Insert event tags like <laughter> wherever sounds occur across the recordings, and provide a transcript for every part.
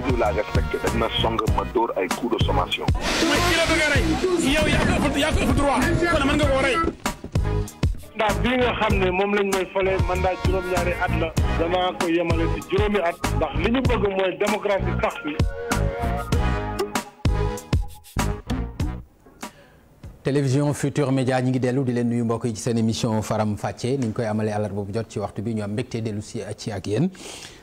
procédure laa respecté dañ ma song ma dóor ay coup de sommation. mais ki la bëgg a rey yow yaa ko ëpp yaa ko ëpp droit kon mën nga koo rey. mandat bi nga xam ne moom lañ may fale mandat juróom-ñaari at la damaa ko yemale ci juróomi at ndax li ñu bëgg mooy démocratie sax bi. télévision Futur Média ñi ngi dellu di leen nuyu mbokk yi ci seen émission faram fàccee ni ñu koy amalee àllarba boobu jot ci waxtu bi ñu am mbégte dellu ci ak yéen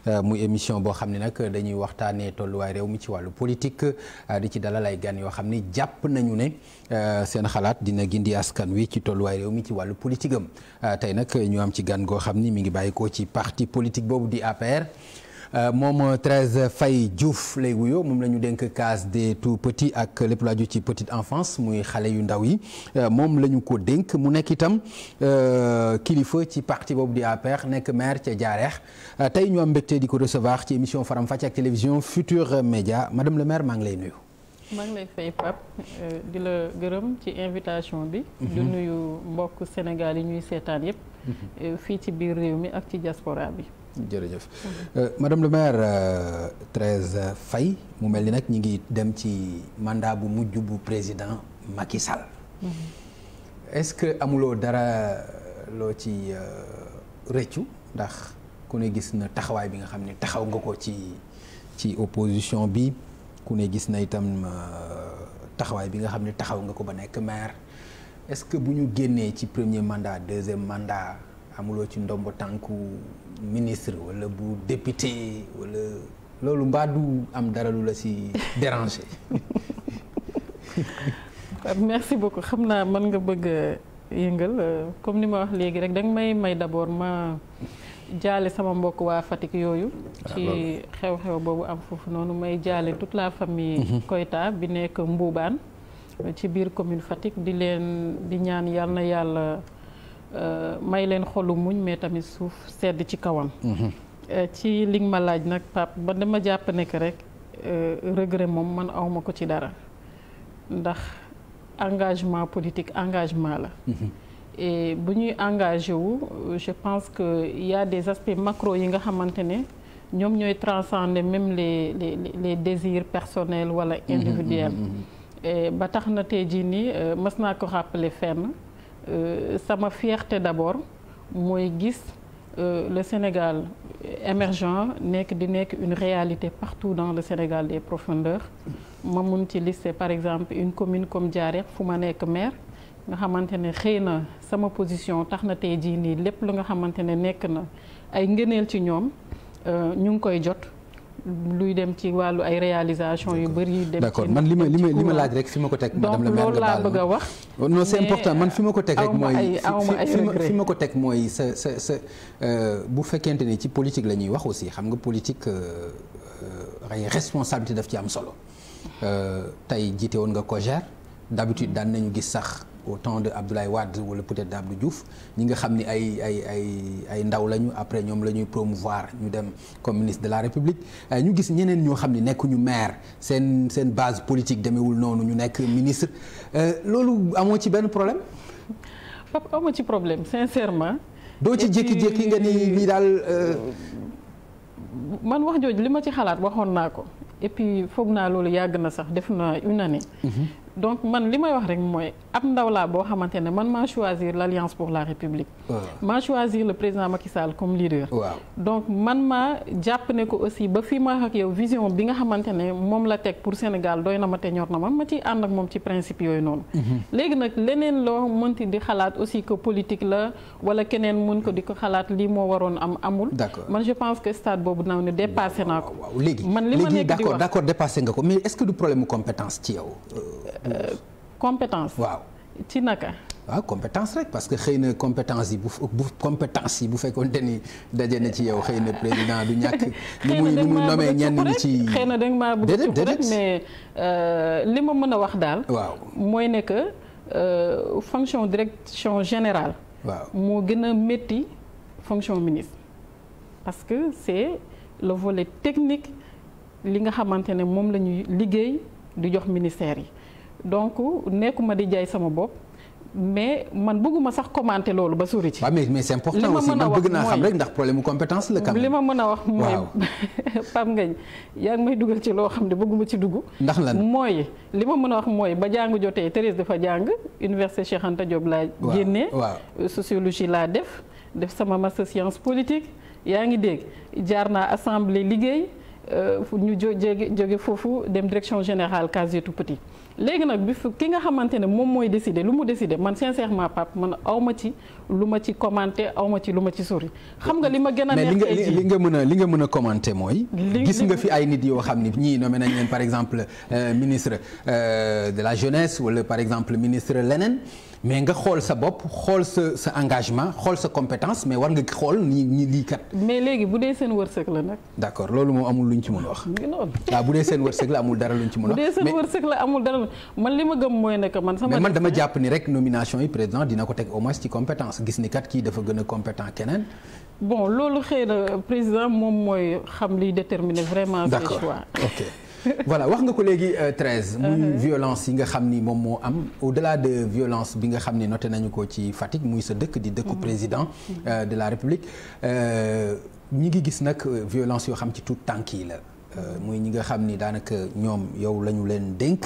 euh, muy émission boo xam ne nag dañuy waxtaanee tolluwaay réew mi ci wàllu politique euh, di ci dalal ay gan yoo xam ne jàpp nañu ne euh, seen xalaat dina gindi askan wi ci tolluwaay réew mi ci wàllu politique am tey nag ñu am ci gan goo xam ni mi ngi bàyyi ko ci parti politique boobu di APR. Euh, moom euh, Thérèse fay Diouf lay wuyo moom la ñu dénk case de tout petits ak lépp lu aju ci petite enfance muy xale yu ndaw yi euh, moom la ñu ko dénk mu nekk itam kilifa ci parti boobu di APR nekk maire ca Diarekh tey ñu am mbégte di ko recevoir ci émission Faram Facce ak télévision Futur Média madame le maire maa ngi lay nuyu. maa ngi lay fay Pape di la gërëm ci invitation bi. Mhm. di nuyu mbokk Sénégal yi ñuy seetaan yépp. Mhm. fii ci biir réew mi ak ci diaspora bi. jërëjëf euh, madame le maire euh, fay mu mel ni nag ñi ngi dem ci mandat bu mujj bu président Macky Sall. Mm mm-hmm. ce que amuloo dara loo ci euh, rëccu ndax ku ne gis na taxawaay bi nga xam ne taxaw nga ko ci ci opposition bi ku ne gis na itam euh, taxawaay bi nga xam ne taxaw nga ko ba nekk maire est-ce que bu ñu génnee ci premier mandat deuxième mandat amuloo ci ndomb tànku. ministre wala bu député wala loolu mbaa du am dara lu la ci déranger. <laughs> merci beaucoup xam naa mën nga bëgg yëngal euh, comme ni ma wax léegi rek danga may may d'abord ma jaale sama mbokk waa Fatick yooyu. Ah, ci xew-xew boobu am foofu noonu may jaale tout la famille. Mhm. Koyta bi nekk Mboubaan ci biir commune Fatick di leen di ñaan yàlla na yàlla. Euh, may leen xolu muñ mais tamit suuf sedd ci kawam. Mhm. Euh, ci li ma laaj nag Pape ba dama jàpp nekk rek euh, regret moom man awma ko ci dara ndax engagement politique engagement la. Mhm. et bu ñuy engagé wu je pense que y des aspects macro yi nga xamante ne ñoom ñooy transcender même les les les désirs personnels wala mhm, individuels. ba tax na tey jii mës naa ko xàppale fenn. Euh, sama fierté d'abord mooy gis euh, le Sénégal émergent nekk di nekk une réalité partout dans le Sénégal des profondeurs ma mun ci lister par exemple une commune comme Diarrère fu ma nekk maire nga xamante ne xëy na sama position tax na tey jii nii lépp lu nga xamante ne nekk na ay ngëneel ci ñoom euh, ñu ngi koy jot luy dem ci wàllu ay réalisation yu bëri. dem d'accord man li ma li ma li ma laaj rek fi ma ko teg. madame la maire donc loolu laa wax. non c'est important ma ko teg rek. mooy fi ma ko teg mooy sa sa sa euh, bu fekkente ni ci politique la ñuy wax aussi xam nga politique euh, ay responsabilité daf ci am solo euh, tey jiite woon nga COJER d'habitude daan nañu gis sax. au temps de Abdoulaye Wade wala peut-être d'Abdou Diouf ñi nga xam ni ay ay ay ay ndaw lañu après ñoom la ñuy promouvoir ñu dem comme ministre de la République euh, ñu gis ñeneen ñoo xam ni nekkuñu maire seen seen base politique demeewul noonu ñu nekk ministre euh, loolu amoo ci benn problème. papa amoo ci problème sincèrement. doo ci jékki-jékki nga ni lii daal. Euh, man wax jooju li ma ci xalaat waxoon naa ko et puis foog naa loolu yàgg na sax def na une mhm. donc man li may wax ab ndaw laa boo xamante ne man maa choisir l' alliance pour la république. maa choisir le président Macky Sall comme leader. waaw donc man maa jàpp ne ko aussi ba fi ma ak vision bi nga xamante ne moom la teg pour Sénégal dooy na ma te ñor na ma ma ci ànd ak moom ci principe yooyu noonu. Mhm. léegi nag leneen loo mënti di xalaat aussi que politique la wala keneen mën ko di ko xalaat lii moo waroon am amul. man je pense que stade boobu naaw ne dépassé naa ko. man li ma nekk di wax léegi d' nga ko mais est ce que du problème ci yow. Euh, euh, compétence waaw ci naka. waaw compétence rek parce que xëy na compétence yi bu bu compétence yi bu fekkoonte ni daje na ci yow xëy na président du ñàkk. <laughs> xëy na dañ maa bëgg a ci xëy na dañ maa bëgg a rek mais euh, li ma mën a wax daal. waaw mooy ne que euh, fonction direction général waaw moo gën a métti fonction ministre. parce que c'est le volet technique li nga xamante ne moom la ñuy liggéey di jox ministère yi. donc nekkuma di jaay sama bopp mais man bëgguma sax commenter loolu ba sori ci. waaw mais mais c'est important aussi bëgg naa xam rek ndax problème mu compétence la. li ma mën a wax mooy <laughs> Pape Ngagne yaa ngi may dugal ci loo xam ne bëgguma ci dugg. ndax lan mooy li ma mën a wax mooy ba jàng jotee Thérèse dafa jàng université Cheikh Anta Diop laa. génnee sociologie laa def. def sama master science politique yaa ngi dégg jaar naa assemblée liggéey euh, ñu jóge jóge foofu dem direction général case tout léegi nag bi ki nga xamante ne moom mooy décider lu mu décider man sincèrement Pape man aw ma ci lu ma ci commenter awma ci lu ma ci sori. xam nga li ma gën a neex mais li nga mën a li nga mën a commenter mooy. gis nga fi ay nit yoo xam ni ñii nommé nañ leen par exemple euh, ministre euh, de la jeunesse wala par exemple ministre leneen. mais nga xool sa bopp xool sa sa engagement xool sa compétence mais war nga xool nii ni lii kat. mais léegi bu dee seen wërsëg la nag. d' accord loolu moom amul ñu ci mën wax. waaw ah, bu dee seen wërsëg la amul dara luñ ci mën a wax. bu amul dara man li ma gëm mooy ne man. sama mais man dama jàpp ni rek nomination yi président dina ko teg au moins ci compétence gis ni kat kii dafa gën a compétent keneen. bon loolu xëy na président moom mooy xam liy déterminer vraiment. ses choix d' <laughs> voilà wax nga ko léegi 13. Euh, uh-huh. muy violence yi nga xam ni moom moo am au delà de violence bi nga xam ni noté nañu ko ci Fatick muy sa dëkk di dëkku uh-huh. président euh, de la République euh, ñi ngi gis nag violence yoo xam ci tout tànk yi la. Euh, muy ñi nga xam ni daanaka ñoom yow la ñu leen dénk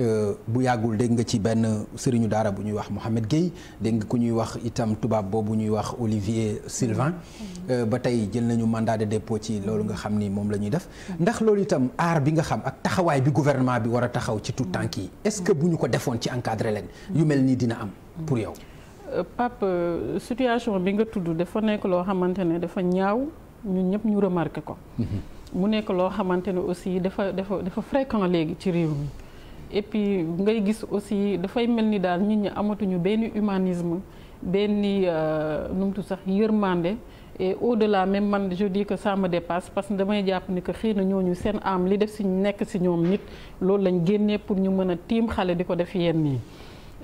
euh, bu yàggul dégg nga ci benn sëriñu daara bu ñuy wax Mohamed Gueye dégg nga ku ñuy wax itam tubaab boobu ñuy wax Olivier Sylvain mm-hmm. euh, ba tey jël nañu mandat de dépôt ci loolu nga xam ni moom la ñuy def mm-hmm. ndax loolu itam aar bi nga xam ak taxawaay bi gouvernement bi war a taxaw ci tout tànk yi est-ce que bu ñu ko defoon ci encadré leen yu mel nii dina am pour yow Pape situation bi nga tudd dafa nekk loo xamante ne dafa ñaaw ñun ñëpp ñu ko mm-hmm. mu nekk loo xamante ne aussi dafa dafa dafa fréquent léegi ci réew mi et puis ngay gis aussi dafay mel ni daal nit ñi amatuñu benn humanisme benn euh, nu mu tudd sax yërmande et au la même man je que ça me dépasse parce que damay jàpp ni que xëy na ñooñu seen am li def si nekk si ñoom nit loolu lañ génnee pour ñu mën a tiim xale di ko def yenn yi.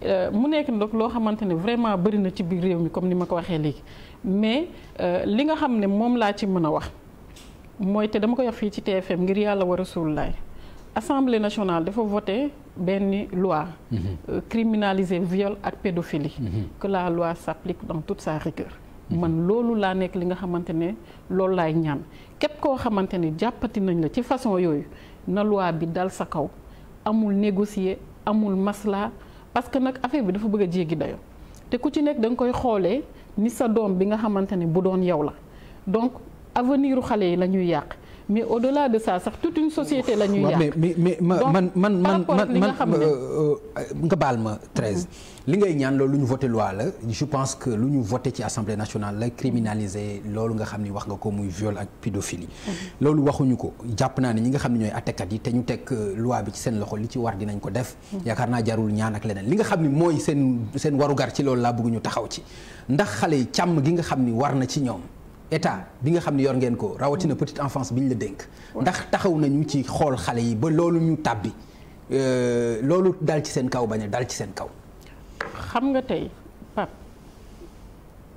Euh, mu nekk nag loo xamante ne vraiment bëri na ci biir réew mi comme ni ma ko waxee léegi mais euh, li nga xam ne moom laa ci mën a wax. mooy te dama ko wax fii ci TFM ngir yàlla wa rasulilah. Assemblée nationale dafa voté benn loi. Mm -hmm. criminaliser viol ak pédophilie. Mm -hmm. que la loi s'applique dans toute sa rigueur. Mhm. man loolu laa nekk li nga xamante ne loolu laay ñaan képp koo xamante ne jàppati nañ la ci façon yooyu na loi bi dal sa kaw amul négocier amul masla parce que nag affaire bi dafa bëgg a jéggi dayo te ku ci nekk danga koy xoolee ni sa doom bi nga xamante ne bu doon yow la avenir xale yi la ñuy yàq mais au-delà de ça sax toute une société la ñuy yàq. mais mais mais man man man man euh, euh, nga baal ma 13. li ngay ñaan loolu lu ñu voté loi la je pense que lu ñu voté ci assemblée nationale la criminaliser loolu nga xam ni wax nga ko muy viol ak pédophilie. Mm-hmm. loolu waxuñu ko jàpp naa ne ñi nga xam ne ñooy attekat yi te ñu teg euh, loi bi ci seen loxo li ci war dinañ ko def. Mm-hmm. yaakaar naa jarul ñaan ak leneen li nga xam ni mooy seen seen warugar ci loolu laa bëgg taxaw ci ndax xale yi càmm gi nga xam ni war na ci ñoom. état bi nga xam ne yor ngeen ko rawatina petite enfance bi ñu la dénk. ndax taxaw nañu ci xool xale yi ba loolu ñu tàbbi euh, loolu dal ci seen kaw bañ a dal ci seen kaw. xam nga tey Pape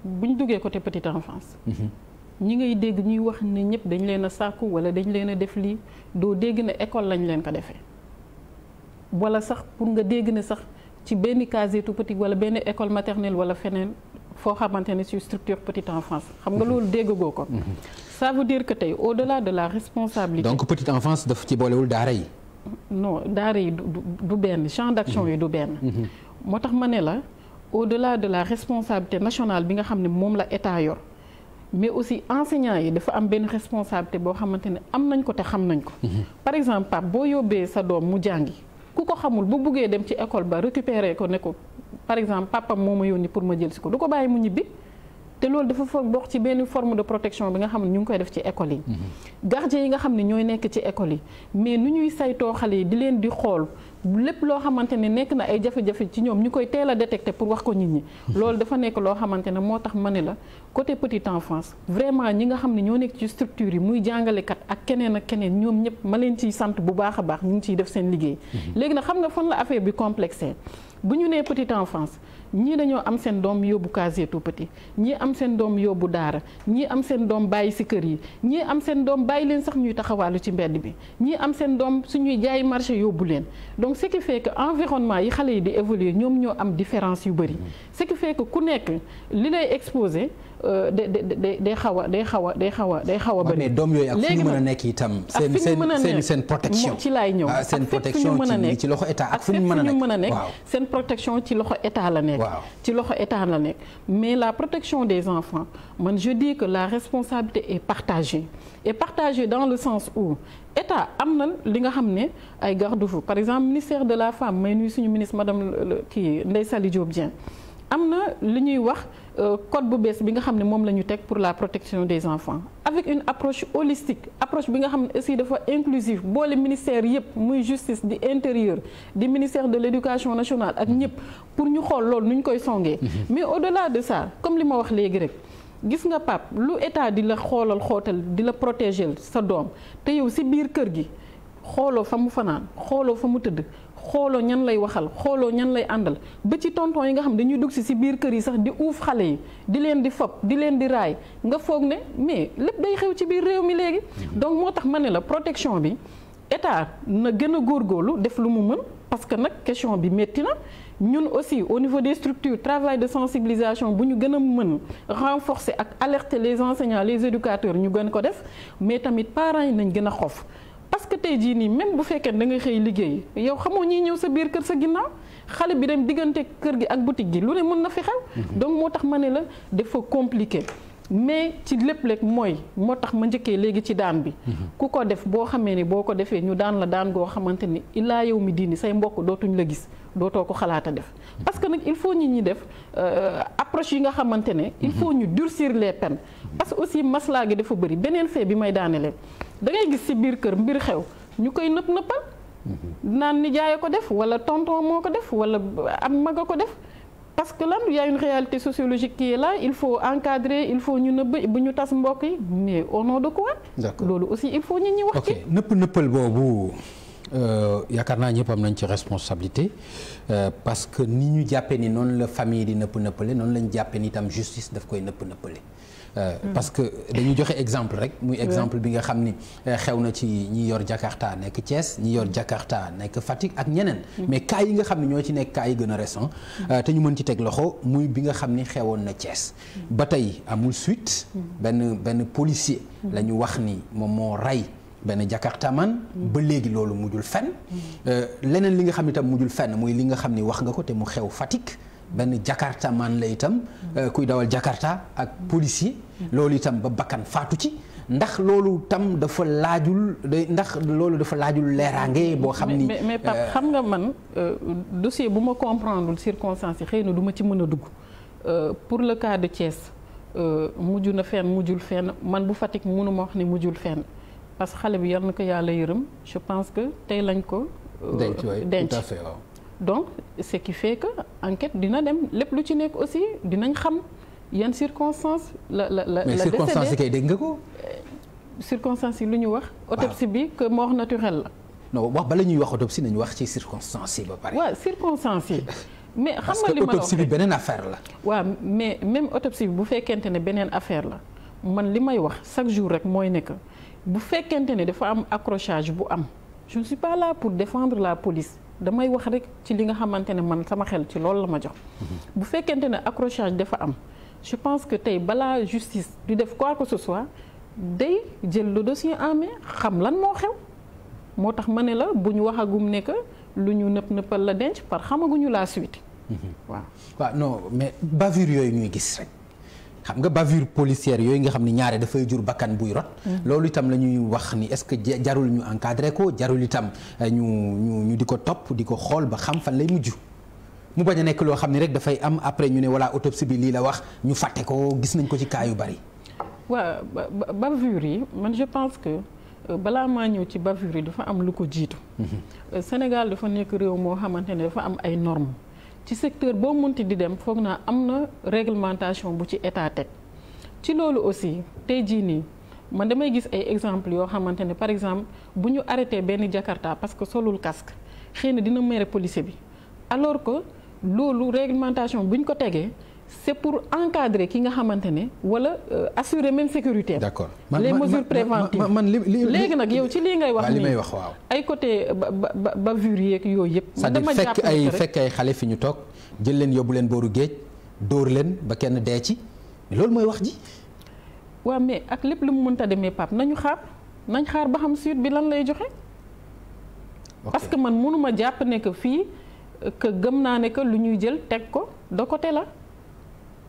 bu ñu duggee côté petite enfance. Mhm. ñi ngay dégg ñuy wax ne ñëpp dañ leen a sàkku wala dañ leen a def lii doo dégg ne école lañ leen ko defee wala sax pour nga dégg na sax ci benn casetu petit wala benn école maternelle wala feneen foo xamante ne sur structure petite enfance xam nga mhm. loolu déggagoo ko. Mhm. ça veut dire que tey au de la responsabilité. donc petite enfance daf ci boolewul daara yi. non daara yi du benn champ d'action mhm. yi du benn. moo tax ma ne la au-delà de la responsabilité nationale bi nga xam ne moom la état yor mais aussi enseignants yi dafa am benn responsabilité boo xamante ne am nañ ko te xam nañ ko. par exemple Pape boo yóbbee sa doom mu jàngi. ku ko xamul bu buggee dem ci école ba récupérer ko ne ko par exemple papam moo ma yónni pour ma jël si ko du ko bàyyi mu ñibbi te loolu dafa fa bokk ci benn forme de protection bi nga xam ne ñu ngi koy def ci école yi. Mm-hmm. gardien yi nga xam ne ñooy nekk ci école yi mais nu ñuy saytoo xale yi di leen di xool lépp loo xamante ne nekk na ay jafe-jafe ci ñoom ñu koy teel a détecté pour wax ko nit ñi. loolu dafa nekk loo xamante ne moo tax ma ne la côté petite enfance vraiment ñi nga xam ne ñoo nekk ci structure yi muy jàngalekat ak keneen ak keneen ñoom ñëpp ma leen ciy sant bu baax a baax ñu ngi ciy def seen liggéey. Mm-hmm. léegi nag xam nga fan la affaire bi complexé. bu ñu nee petite enfance ñii dañoo am seen doom yóbbu case tout petit ñii am seen doom yóbbu daara ñii am seen doom bàyyi si kër yi ñii am seen doom bàyyi leen sax ñuy taxawaalu ci mbedd bi ñii am seen doom suñuy jaay marché yóbbu leen donc ce qui fait que environnement yi xale yi di évoluer ñoom ñoo am différence yu bëri mm. ce qui fait ku nekk li lay exposé day day day xaw a day xaw a day xaw a day a bëri. léegi mais doom yooyu ak fu ñu mën a nekk itam. seen seen seen protection ci laay ñëw. Ah, seen protection ci loxo état ak a nekk a nekk seen protection ci loxo état la nekk. ci loxo état la nekk mais la protection des enfants man je dis que la responsabilité est partagée et partagée dans le sens où. état am na li nga xam ne ay garde-fou par exemple ministère de la femme may nuyu suñu ministre madame kii Ndeye Saly Diop Dieng am na li ñuy wax Euh, code bu bees bi nga xam ne moom la ñu teg pour la protection des enfants avec une approche holistique approche bi nga xam ne aussi dafa inclusive boole ministère yëpp muy justice di intérieur di ministère de l' éducation nationale ak ñëpp pour ñu xool lool nu ñu koy songee mhm. mais au delà de ça comme li ma wax léegi rek gis nga pap lu état di la xoolal xootal di la protéger sa doom te yow si biir kër gi xooloo fa mu fanaan xooloo fa mu tëdd xooloo ñan lay waxal xooloo ñan lay àndal ba ci tonton yi nga xam dañuy dugg si si biir kër yi sax di uuf xale yi di leen di fob di leen di raay nga foog ne mais lépp day xew ci biir réew mi léegi. Mm-hmm. donc moo tax ma ne la protection bi état na gën a góor góorlu def lu mu mën parce que nag question bi métti na. ñun aussi au niveau des structures travail de sensibilisation bu ñu gën a mën renforcer ak alerter les enseignants les éducateurs ñu gën ko def mais tamit parents yi nañ gën a xof parce que tey jii nii même bu fekkee da nga xëy liggéey yow xamoo ñiy ñëw sa biir kër sa ginnaaw xale bi dem diggante kër gi ak boutique gi lu ne mën na fi xew. Mhm. donc moo tax ma ne la dafa compliqué. mais ci lépp lépp mooy moo tax ma njëkkee léegi ci daan bi. Mhm. ku ko def boo xamee ne boo ko defee ñu daan la daan goo xamante ni illaa yow mi diini say mbokk dootuñu la gis dootoo ko xalaat a def. parce que nag il faut nit ñi def euh, approche yi nga xamante ne. il faut mhm. ñu durcir les peines. parce que aussi maslaa gi dafa bëri beneen bi may daanelee. da ngay gis ci biir kër mbir xew ñu koy nëpp nëppal naan nijaay ko def wala tonton moo ko def wala am mag a ko def parce que lan y a une réalité sociologique qui est il faut encadrer il faut ñu nëbb bu ñu tas mbokk yi mais au nom de quoi loolu aussi il faut ñi ñi wax ci nëpp nëppal boobu euh, yaakaar naa ñëpp am nañ ci responsabilité euh, parce que ni ñu jàppee ni noonu la famille di nëpp nëppale noonu lañu jàppee nitam itam justice daf koy nëpp nëppale Euh, parce que dañu joxe exemple rek muy exemple bi nga xam ni euh, xew na ci ñi yor jakartaa nekk Thiès ñi yor Jakarta nekk Fatick ak ñeneen mm. mais cas yi nga xam ne ñoo ci nekk cas yi gën a récent mm. euh, te ñu mën ci teg loxo muy bi nga xam ni xewoon na Thiès mm. ba tey amul suite benn benn policier la ñu wax ni moom moo rey benn man ba léegi loolu mujjul fenn leneen li nga xam ne tam mujjul fenn muy li nga xam ni wax nga ko te mu xew Fatick benn jakartaman la itam kuy dawal jakarta ak policier loolu itam ba bakkan faatu ci ndax loolu tam dafa laajul ndax loolu dafa laajul leeraange boo xam ni. mais mais Pape euh, xam nga man euh, dossier bu ma comprendre circonstances yi xëy na duma ci mën a dugg euh, pour le cas de Thiès mujju na fenn mujjul fenn man bu Fatick mënu wax ni mujjul fenn parce que xale bi yar na ko yàlla yërëm je pense que tey lañ ko. denc donc ce qui fait que enquête dina dem lépp lu ci nekk aussi dinañ xam. yan circonstances. la la la mais circonstances yi kay dégg nga ko. Euh, circonstances yi lu ñu wax. autopsie bi que mort naturelle la. non wax bala ñuy wax autopsie nañu wax ci circonstances yi ba pare. waaw circonstances yi. <laughs> mais xam nga li ma la wax beneen affaire la. waaw mais même autopsie bu fekkente ne beneen affaire la man li may wax chaque jour rek mooy nekk bu fekkente ne dafa am accrochage bu am je ne suis pas là pour défendre la police. damay wax rek ci li nga xamante ne man sama xel ci loolu la ma jox mhm. bu fekkente ne accrochage dafa am je pense que tey balaa justice du def quoi que ce day jël le dossier en main xam lan moo xew moo tax ma ne la bu ñu waxagum nekk lu ñu nëpp nëppal la denc par xamaguñu la suite. Mm-hmm. waaw waaw non mais bavure yooyu ñuy gis rek. xam nga bavure policière yooyu nga xam ni ñaare dafay jur bakkan buy rot. Mm-hmm. loolu itam la ñuy wax ni est-ce que jarul ñu encadré ko jarul itam euh, ñu ñu ñu di ko topp di ko xool ba xam fan lay mujj. mu bañ a nekk loo xam ne rek dafay am après ñu ne voilà autopsie bi lii la wax ñu fàtte ko gis nañ ko ci cas yu bari. waaw bavure yi man je pense que euh, balaa maa ñëw ci bavure yi dafa am lu ko jiitu. Mhm. Euh, Sénégal dafa nekk réew moo xamante ne dafa am ay normes ci secteur boo mënti di dem foog naa am na réglementation bu ci état teg ci loolu aussi tey jii nii. man damay gis ay exemple yoo xamante ne par exemple bu ñu arrêté benn jakarta parce que solul casque xëy na dina mere policier bi loolu réglementation bu ñu ko tegee c' est pour encadrer ki nga xamante ne wala euh, assurer même sécurité. d' accord man les mesures préventives man léegi nag yow ci lii ngay wax. nii waaw ay côté ba ba bavure yeeg yooyu yëpp. dama jàpp fekk ay fekk ay xale fi ñu toog jël leen yóbbu leen booru géej dóor leen ba kenn dee ci loolu mooy wax ji. waaw mais ak lépp lu mu mënta demee Pape nañu xaar nañ xaar ba xam suite bi lan lay joxe. parce que man mënuma jàpp ne que fii. que gëm naa ne que lu ñuy jël teg ko de côté la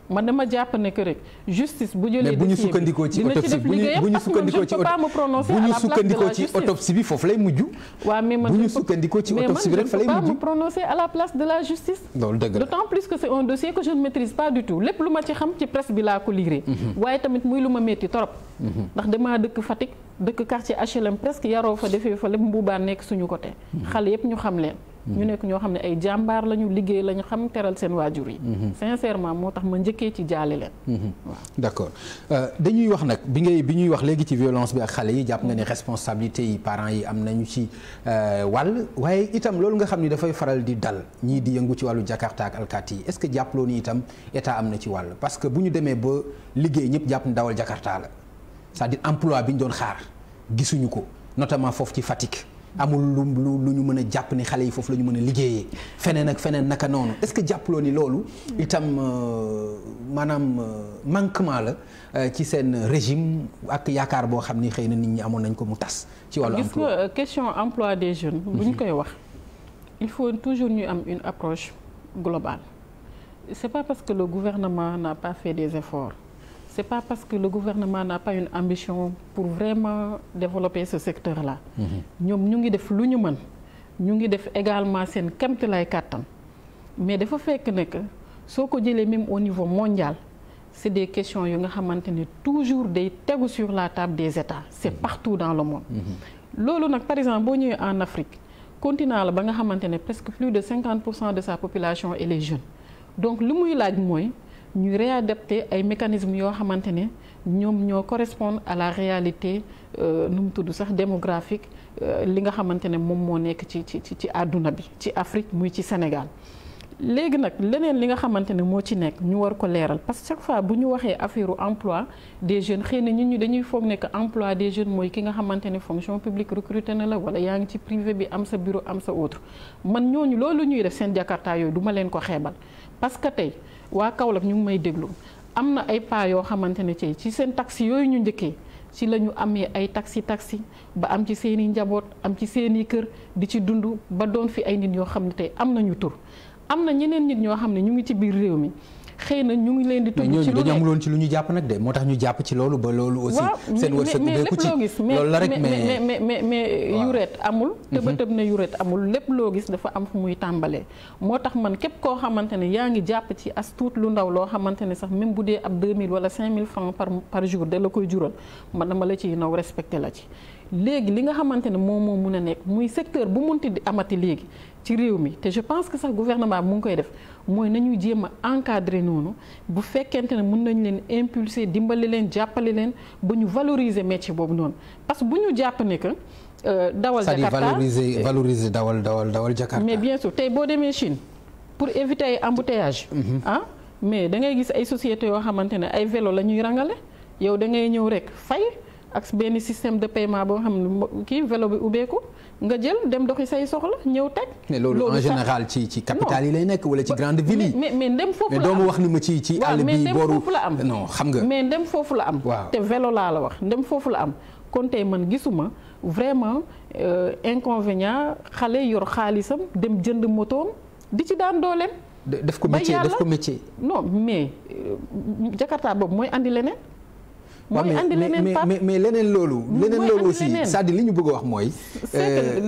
man dama jàpp ne que rek justice bu jëlee. bu ñu sukkandikoo ci autopsie bu ñu sukkandikoo ci bu ñu bi foofu lay mujj. waaw mais man bu ñu sukkandikoo ci autopsie bi lay mujj la place de la justice. loolu dëgg la d'autant plus que c'est un dossier que je ne maîtrise pas du tout lépp lu ma ci xam ci presse bi laa ko liiree. Mhm. waaye tamit muy lu ma métti torop. Mhm. ndax damaa dëkk Fatick dëkk quartier HLM presque yaroo fa defee fa lépp mbuubaa nekk suñu côté. Mhm. xale yëpp ñu xam leen ñu nekk ñoo xam ne ay jàmbaar lañu liggéey lañu xam teral seen waajur yi. Mhm. sincèrement moo tax ma njëkkee ci jaale leen. Mhm. d'accord euh, dañuy wax nag bi ngay bi ñuy wax léegi ci violence bi ak xale yi jàpp nga ne responsabilité yi parent yi am nañu ci euh, wàll waaye itam loolu nga xam ni dafay faral di dal ñii di yëngu ci wàllu Jakarta ak alkaati yi est-ce que jàppaloo ni itam état am na ci wàll parce que bu ñu demee ba liggéey ñëpp jàpp ndawal Jakarta la c'est-à-dire bi ñu doon xaar gisuñu ko notamment foofu ci Fatick. amul lu lu ñu mën a jàpp ni xale yi foofu la ñu mën a liggéeyee feneen ak feneen naka noonu est-ce que jàppaloo ni loolu itam euh, maanaam euh, manquement la euh, ci seen régime ak yaakaar boo xam ni xëy na nit ñi amoon nañ ko mu tas ci wàllu emploi gis question emploi des jeunes bu ñu mhm. koy wax il faut toujours ñu am une approche globale c'est pas parce que le gouvernement n'a pas fait des efforts c'est pas parce que le gouvernement n'a pas une ambition pour vraiment développer ce secteur-là. Mhm. ñoom ñu ngi def lu ñu mën ñu ngi def également seen kéemtalaay kàttan mais dafa fekk ne que soo ko jëlee même au niveau mondial c'est des questions yu nga xamante ne toujours day tegu sur la table des États c'est mhm. partout dans le monde. Mhm. loolu nag par exemple boo ñëwee en Afrique continent la ba nga xamante ne presque plus de 50 pour cent de sa population et les jeunes donc li muy laaj mooy. ñu réadapter ay mécanismes yoo xamante ne ñoom ñoo correspondre à la réalité euh, nu mu tudd sax démographique euh, li nga xamante ne moom moo nekk ci ci ci adduna bi ci Afrique muy ci Sénégal. léegi nag leneen li nga xamante ne moo ci nekk ñu war ko leeral parce que chaque fois bu ñu waxee affaire emploi des jeunes xëy na ñun ñu dañuy foog nekk emploi des jeunes mooy ki nga xamante ne fonction publique recruté na la wala yaa ngi ci privé bi am sa bureau am sa autre man ñooñu loolu ñuy def seen jakarta yooyu du leen ko xeebal parce que tey. waa Kaolack ñu ngi may déglu am na ay pas yoo xamante ne ci ci seen taxi yooyu ñu njëkkee ci la ñu amee ay taxi taxi ba am ci seen i njaboot am ci seeni kër di ci dund ba doon fi ay nit yoo xam ne tey am nañu tur am na ñeneen nit ñoo xam ne ñu ngi ci biir réew mi xëy na ñu ngi leen di. tudd ci lu dañu amuloon ci lu ñu jàpp nag de moo tax ñu jàpp ci loolu ba loolu. aussi seen wërsëg ubbeeku ci loolu la rek mais mais mais mais yuret amul. Mhm. tëba tëb na yuret amul lépp loo gis dafa am fu muy tàmbalee. moo tax man képp koo xamante ne yaa ngi jàpp ci as tuut lu ndaw loo xamante ne sax même bu dee ab 2000 wala 5000 francs par par jour de la koy jural man dama la ciy naw respecté la ci. léegi li nga xamante ne moom moo mun a nekk muy secteur bu munti amati léegi ci réew mi te je pense que sax gouvernement bi mu ngi koy def. mooy nañu jéem a encadrer noonu bu fekkente ne mun nañ leen impulser dimbali leen jàppale leen ba ñu valoriser métier boobu noonu parce que bu ñu jàpp ne que euh, dawal Jakarta valoriser valoriser dawal dawal dawal Jakarta mais bien sûr tey boo demee Chine pour éviter ay embouteillage mhm. ah mais da ngay gis ay sociétés yoo xamante ne ay vélo la ñuy rangale yow da ngay ñëw rek fay ak benn système de payment boo xam ne kii velo bi ubbeeku nga jël dem doxi say soxla ñëw teg. mais loolu en général ci ci capitale yi lay nekk wala ci grande ville yi. mais mais ndem foofu la am mais doomu wax ni ma ci ci àll bi booru xam nga. mais ndem foofu la am. te vélo laa la wax ndem foofu la am. kon tey man gisuma vraiment euh, inconvénient xale yor xaalisam dem jënd motoom di ci daan dooleem. def ko métier def ko métier. non mais euh, Jakarta boobu mooy indi leneen. mooy andi leneen Pape mais mais leneen loolu. leneen loolu aussi sa à li ñu bëgg a wax mooy.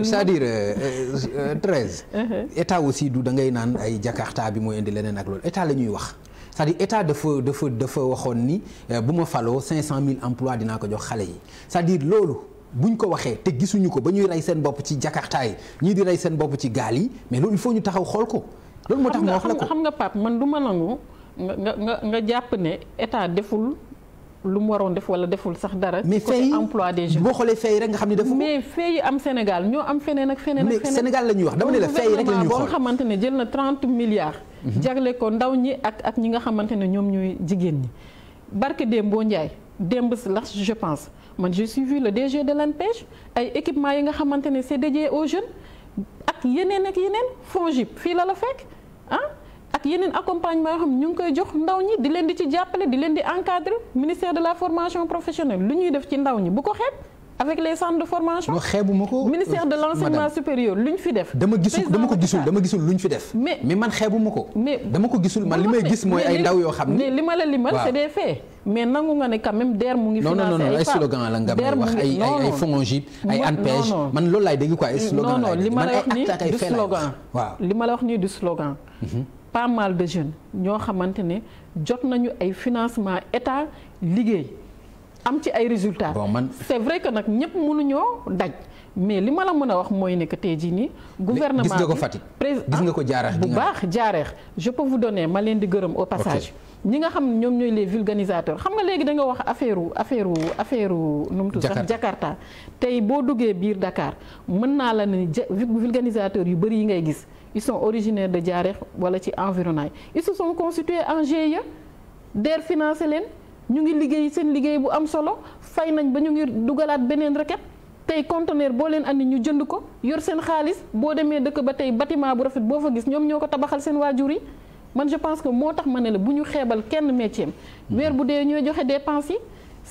sa à dire treize. Uh-huh. aussi du da ngay naan ay jakartaa bi mooy indi leneen ak loolu état la ñuy wax. sa à dire état dafa dafa dafa waxoon ni euh, bu ma faloo cent mille emplois dinaa ko jox xale yi sa à dire loolu. buñ ko waxee te gisuñu ko ba ñuy rey seen bopp ci jakarta yi ñii di rey seen bopp ci gaal yi mais loolu foo ñu taxaw xool ko. loolu moo tax ma wax la ko xam nga Pape man du ma nangu nga nga nga jàpp ne état deful. lu mu waroon def wala deful sax dara. mais fay emploi des boo xoolee fay rek xam ne defu mais fay yi am Sénégal ñoo am feneen ak feneen ak feneen. mais la ñuy wax dama ne la boo xamante ne jël na trente milliards. Mhm. jagle ko ndaw ñi ak ak ñi nga xamante ne ñoom ñooy jigéen ñi. barke Dembo Ndiaye démb lax je pense man j'ai suivi le DG de l'ANPEJ ay équipements yi nga xamante ne c'est dédié aux jeunes ak yeneen ak yeneen FONGIP fii la la fekk ah. ak yeneen accompagnement yoo xam ñu ngi koy jox ndaw ñi di leen di ci jàppale di leen di encadrer ministère de la formation professionnelle lu ñuy def ci ndaw ñi bu ko xeeb avec les centres de formation. non ko ministère de l'enseignement supérieur luñ fi def. dama gisul dama ko gisul dama gisul ñu fi def. mais mais man ma ko. mais dama ko gisul man li may gis mooy ay ndaw yoo xam ni. li ma la li ma des faits. mais nangu nga ne quand même DER mu ngi. financé ay non non ay slogan la nga may man loolu laay dégg quoi ay slogan laay dégg man ay actes ak ma la wax nii du slogan. Mhm. pas mal de jeunes ñoo xamante ne jot nañu ay financement état liggéey am ci ay résultats. man c'est vrai que nag ñëpp mënuñoo daj. mais li ma la mën a wax mooy ne que tey jii nii. gouvernement bi gis nga ko Fatick gis nga ko jaaraax bu baax jaaraax je peux vous donner ma leen di gërëm au passage. ñi nga xam ne ñoom ñooy les vulganisateurs xam nga léegi da nga wax affaire affaire affaire nu mu tudd sax Jakarta tey boo duggee biir Dakar mën naa la ne vulganisateur yu bëri yi ngay gis. ils sont originaires de Diarré wala ci environnement yi ils se sont constitués en GIE DER financé leen ñu ngi liggéey seen liggéey bu am solo fay nañ ba ñu ngir dugalaat beneen reket tey conteneur boo leen andi ñu jënd ko yor seen xaalis boo demee dëkk ba tey bâtiment bu rafet boo fa gis ñoom ñoo ko tabaxal seen waajur yi man je pense que moo tax ma ne la bu ñu xeebal kenn métier weer bu dee ñooy joxe dépense yi.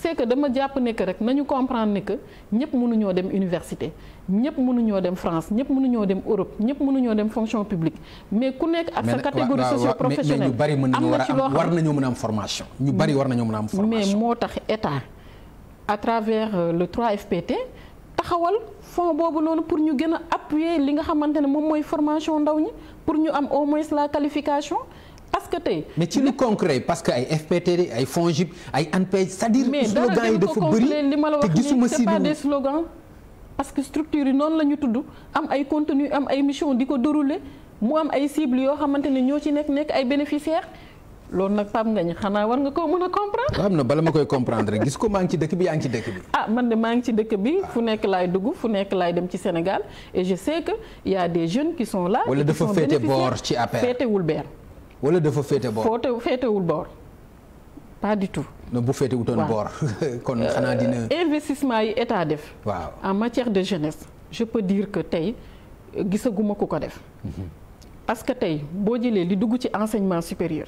c'est que dama jàpp ne que rek nañu comprendre ne que ñëpp mënuñoo dem université ñëpp mënuñoo dem France ñëpp mënuñoo dem Europe ñëpp mënuñoo dem fonction publique mais ku nekk ak sa catégorie socio-professionnelle am na ci loo xam war nañoo a formation ñu bari war nañoo a am formation mais moo tax état à travers euh, le 3FPT taxawal fonds boobu noonu pour ñu gën a appuyer li nga xamante ne moom mooy formation ndaw ñi pour ñu am au moins la qualification parce que tey. mais ci lu concret parce que ay FPT ay FONGIP ay ANPEJ c'est-à-dire. slogan yi dafa bëri li ma la wax nii c'est pas des slogans parce que structure yi noonu la ñu tudd am ay contenu am ay mission di ko dérouler mu am ay cibles yoo xamante ne ñoo ci nekk nekk ay bénéficiaires. loolu nag Pape Ngagne xanaa war nga koo mën a comprendre. am ne bala ma koy comprendre gis ko maa ngi ci dëkk bi yaa ngi ci dëkk bi. ah man de maa ngi ci dëkk bi ah. fu nekk laay dugg fu nekk laay dem ci Sénégal et je sais que y des jeunes qui sont wala dafa féete boor ci APR féetewul beer. wala dafa féete boor foote féetewul boor pas du tout. non bu féetewutoon boor. <laughs> kon xanaa dina. Euh, investissement yi état def. waaw en matière de jeunesse. je peux dire que tey gisaguma ku ko def. Mhm. parce que tey boo jëlee li dugg ci enseignement supérieur.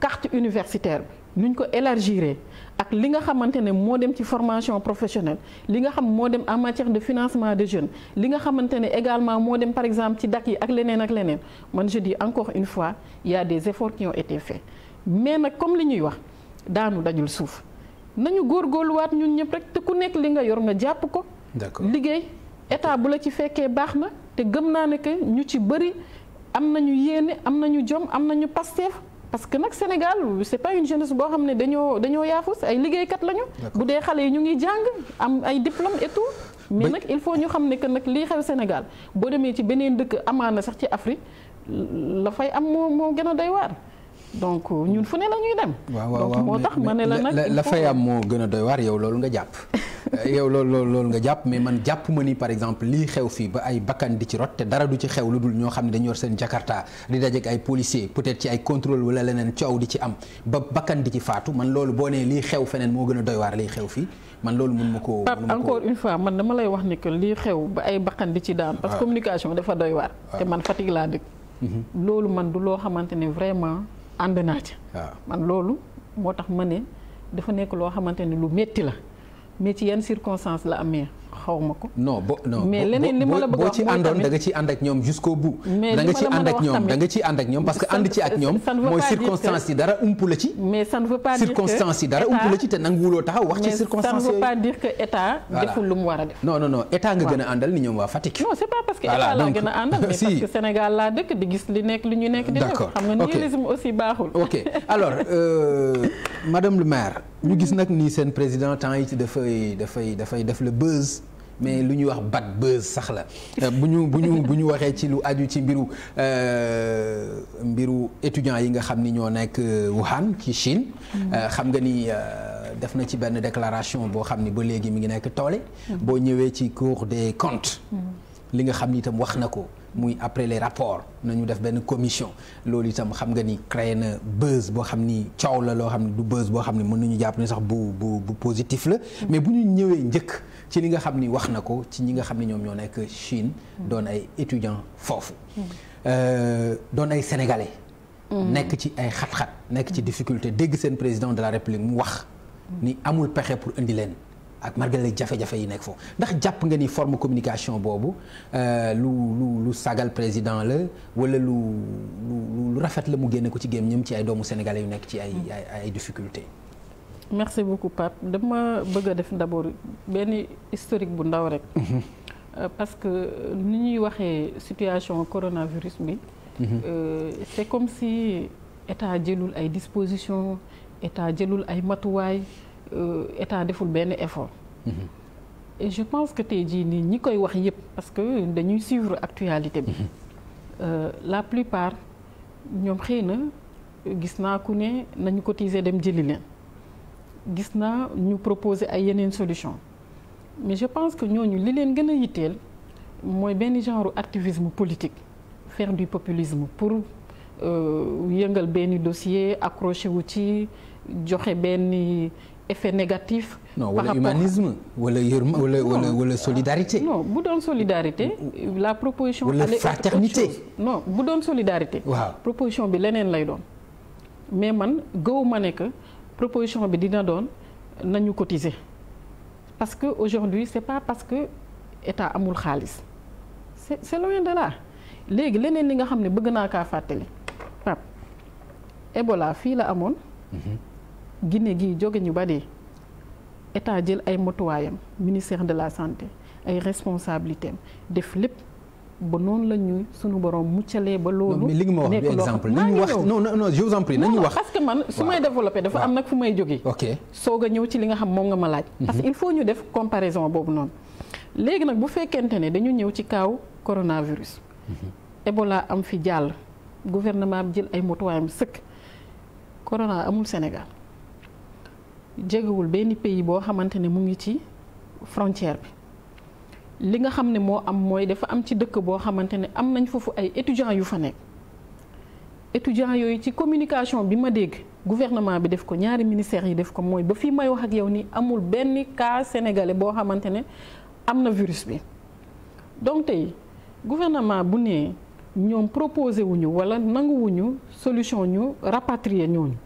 carte universitaire bi nuñ ko élargiré ak li nga xamante ne moo dem ci formation professionnel li nga xam moo dem en matière de financement des jeunes li nga xamante ne également moo dem par exemple ci DAC yi ak leneen ak leneen man je une fois il des efforts qui ont été faits nag comme li ñuy wax daanu dajul suuf nañu góorgóorluwaat ñun ñëpp rek te nekk li nga yor nga jàpp ko. d'accord liggéey état bu la ci fekkee baax na te gëm naa ne que ñu ci bëri am nañu yéene am nañu jom am na ñu pasteef parce que nag Sénégal c'est pas une jeunesse boo xam ne dañoo dañoo yaafus ay liggéeykat lañu. bu dee xale yi ñu ngiy jàng am ay diplôme et mais nag il faut ñu xam ne que nag lii xew Sénégal boo demee ci beneen dëkk amaan amaana sax ci Afrique la fay am moo moo gën a doy waar. donc euh, ñun fu ne la ñuy dem. waaw waaw donc moo tax ma ne la nag. la fay am moo gën a doy waar yow loolu nga jàpp. <laughs> Euh, yow loolu loolu loolu nga jàpp mais man jàpp ma ni par exemple lii xew fii ba bakkan di ci rot te dara du ci xew lu dul ñoo xam ne dañu yor seen jakarta di dajeek ay policiers peut-être ci ay contrôle wala leneen coow di ci am ba bakkan di ci man loolu boo nee lii xew feneen moo gën a doy waar xew fii man loolu mun ma ko encore une fois man dama lay wax ni que lii xew ba ay bakkan di ci daan. communication dafa doy waar. man Fatick laa dëkk. Mhm. loolu man du loo xamante ne vraiment. ànd naa ci. Ah. man loolu moo tax ma ne dafa nekk loo xamante ne lu métti la mais ci yan circonstances la amee. xaw ma ko. non bo non mais leneen li ma la ci da nga ciy ànd ak ñoom jusqu'au bout. mais da nga ciy ànd ak ñoom da nga ciy ànd ak ñoom parce que ànd ci ak ñoom. mooy circonstance yi dara umpu la ci. mais ça ne veut pas dire que circonstance yi dara umpu la ci te nanguwuloo taxaw wax ci circonstance yooyu. mais ça ne veut pas dire que état. deful lu mu war a def. non non non gën a àndal ni ñoom waa Fatick. a àndal. mais <laughs> parce que Sénégal laa dëkk di gis li nekk li ñu nekk di def. xam nga nihilisme aussi baaxul. ok alors euh, madame le maire ñu gis nag nii seen président temps yi ci dafay dafay dafay def le buzz mais lu ñuy wax bad buzz sax la euh, bu ñu bu ñu bu ñu waxee ci lu aju ci mbiru euh, mbiru étudiants yi nga xam ni ñoo nekk euh, Wuhan ci Chine mm-hmm. xam nga ni def na ci benn déclaration boo xam ni ba léegi mi ngi nekk toole mm-hmm. boo ñëwee ci Cour des comptes mm-hmm. li nga xam ni itam wax na ko muy après les rapports nañu def benn commission loolu itam xam nga ni créé na buzz boo xam ni coow la loo xam ni du buzz boo xam ni mën nañu jàpp ne sax bu bu bu positif la mais bu ñu ñëwee njëkk ci li nga xam ni wax na ko ci ñi nga xam ni ñoom ñoo nekk Chine doon ay étudiants foofu mm. euh, doon ay sénégalais mm. nekk ci ay xat-xat nekk ci mm. difficulté dégg seen président de la république mu wax ni amul pexe pour indi leen ak margale jafe-jafe yi nekk foofu ndax jàpp nga ni forme communication boobu euh, lu lu lu sagal président la wala lu lu rafet la mu génne ko ci gémmiñam ci ay doomu sénégalais yu nekk ci ay ay difficulté merci beaucoup Pape dama bëgg a def d'abord benn historique bu ndaw rek. Mhm. Euh, parce que ni ñuy waxee situation coronavirus bi. Mhm. Euh, c'est comme si état jëlul ay dispositions état jëlul ay matuwaay euh, état deful benn effort. Mhm. et je pense que te jii nii ñi koy wax yépp parce que dañuy suivre actualité bi. Euh, la plupart ñoom xëy na gis naa ku ne nañu cotiser dem jëli leen. gis naa ñu proposer ay yeneen solution mais je pense que ñooñu li leen gën a yitteel mooy benn genre activisme politique faire du populisme pour euh, yëngal benn dossier accroché wu ci joxe benn effet négatif. non wala humanisme wala yërma wala wala wala solidarité. non bu doon solidarité. la proposition. wala fraternité no bu doon solidarité. waaw proposition bi leneen lay doon mais man gëw ma proposition bi dina doon nañu cotiser parce que aujourd'hui c'est pas parce que état amul xaalis c'est c'est loin léegi leneen li nga xam ne bëgg naa kaa fàttali Pape Ebola fii la amoon mhm. Guinée gii jóge ñu ba dee état jël ay motuwaayam ministère de la santé ay responsabilités def lépp ba noonu la ñuy sunu borom muccalee ba loolu. mais li nga ma wax bi exemple nañu wax non non je vous nañu wax. parce man su may développé dafa am nag fu may jógee. ok soog a ñëw ci li nga xam moom nga ma laaj. parce que mhm. il faut ñu def comparaison boobu noonu. léegi nag bu fekkente ne dañu ñëw ci kaaw coronavirus. Mhm. Ebola am fi jàll. gouvernement bi jël ay motuwaayam sëkk. corona amul Sénégal jegewul benn pays boo xamante ne mu ngi ci frontière bi. li nga xam ne moo am mooy dafa am ci dëkk boo xamante ne am nañ foofu ay étudiants yu fa nekk étudiants yooyu ci communication bi ma dégg gouvernement bi def ko ñaari ministères yi def ko mooy ba fi may wax ak yow ni amul benn cas sénégalais boo xamante ne am na virus bi donc tey gouvernement bu nee ñoom wu ñu wala nanguwuñu solution ñu rapatrier ñooñu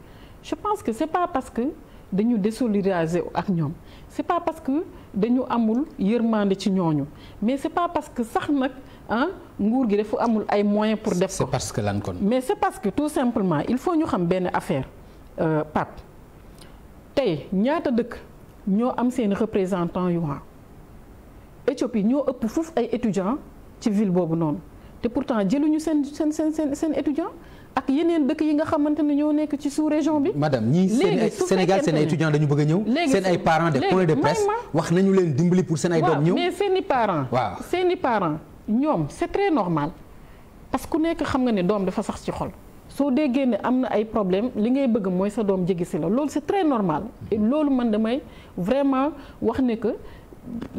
je pense que c'est pas parce que dañu désolidariser ak ñoom c'est pas parce que dañu amul yërmande ci ñooñu mais c'est pas parce que sax nag ah nguur gi dafa amul ay moyens pour def ko parce que lan kon mais c'est parce que tout simplement il faut ñu xam benn affaire euh, Pape tey ñaata dëkk ñoo am seen représentant yuan Éthiopie ñoo ëpp foofu ay étudiants ci ville boobu noonu te pourtant jëluñu seen seen seen seen seen étudiants ak yeneen dëkk yi nga xamante ne ñoo nekk ci sous région bi. madame ñii seen ay Sénégal seen ay étudiants dañu bëgg a ñëw. seen ay parents de point de presse wax nañu leen dimbali pour seen ay doom ñëw. mais seen i parents. waaw seen i parents ñoom c' est très normal parce que ku nekk xam nga ne doom dafa sax ci xol. soo déggee ne am na ay problème li ngay bëgg mooy sa doom jege si la loolu c' est très normal et loolu man damay vraiment wax ne que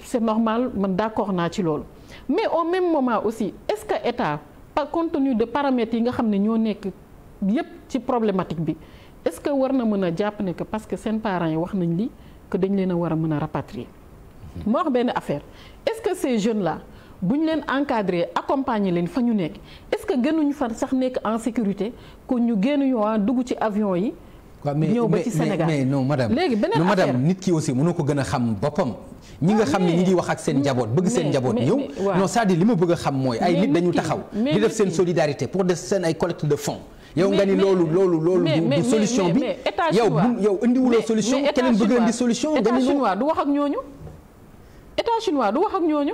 c' est normal man d' accord naa ci loolu mais au même moment aussi est ce que état. par compte de paramètres yi nga xam ne ñoo nekk yépp ci problématique bi est-ce que war na mën a jàpp ne que parce que seen parents yi wax nañ li que dañ leen a war a mën a rapatrier. Mhm. moo wax benn affaire est-ce que ces jeunes là bu ñu leen encadrer accompagner leen fa ñu nekk est-ce que gënuñu fa sax nekk en sécurité ko ñu génn yoon ah, dugg ci avion yi. ñëw ba ci Sénégal mais non madame léegi beneen affaire madame nit ki aussi mënoo ko gën a xam boppam. ñi nga xam ne ñi ngi wax ak seen njaboot bëgg seen njaboot ñëw non cest à li ma bëgg xam mooy ay nit dañu taxaw di def seen solidarité pour def seen ay collecte de fonds yow nga ni loolu loolu loolu du solution bi yow bu yow indiwuloo solution keneen bëgg indi solution état chinois du wax ak ñooñu état chinois du wax ak ñooñu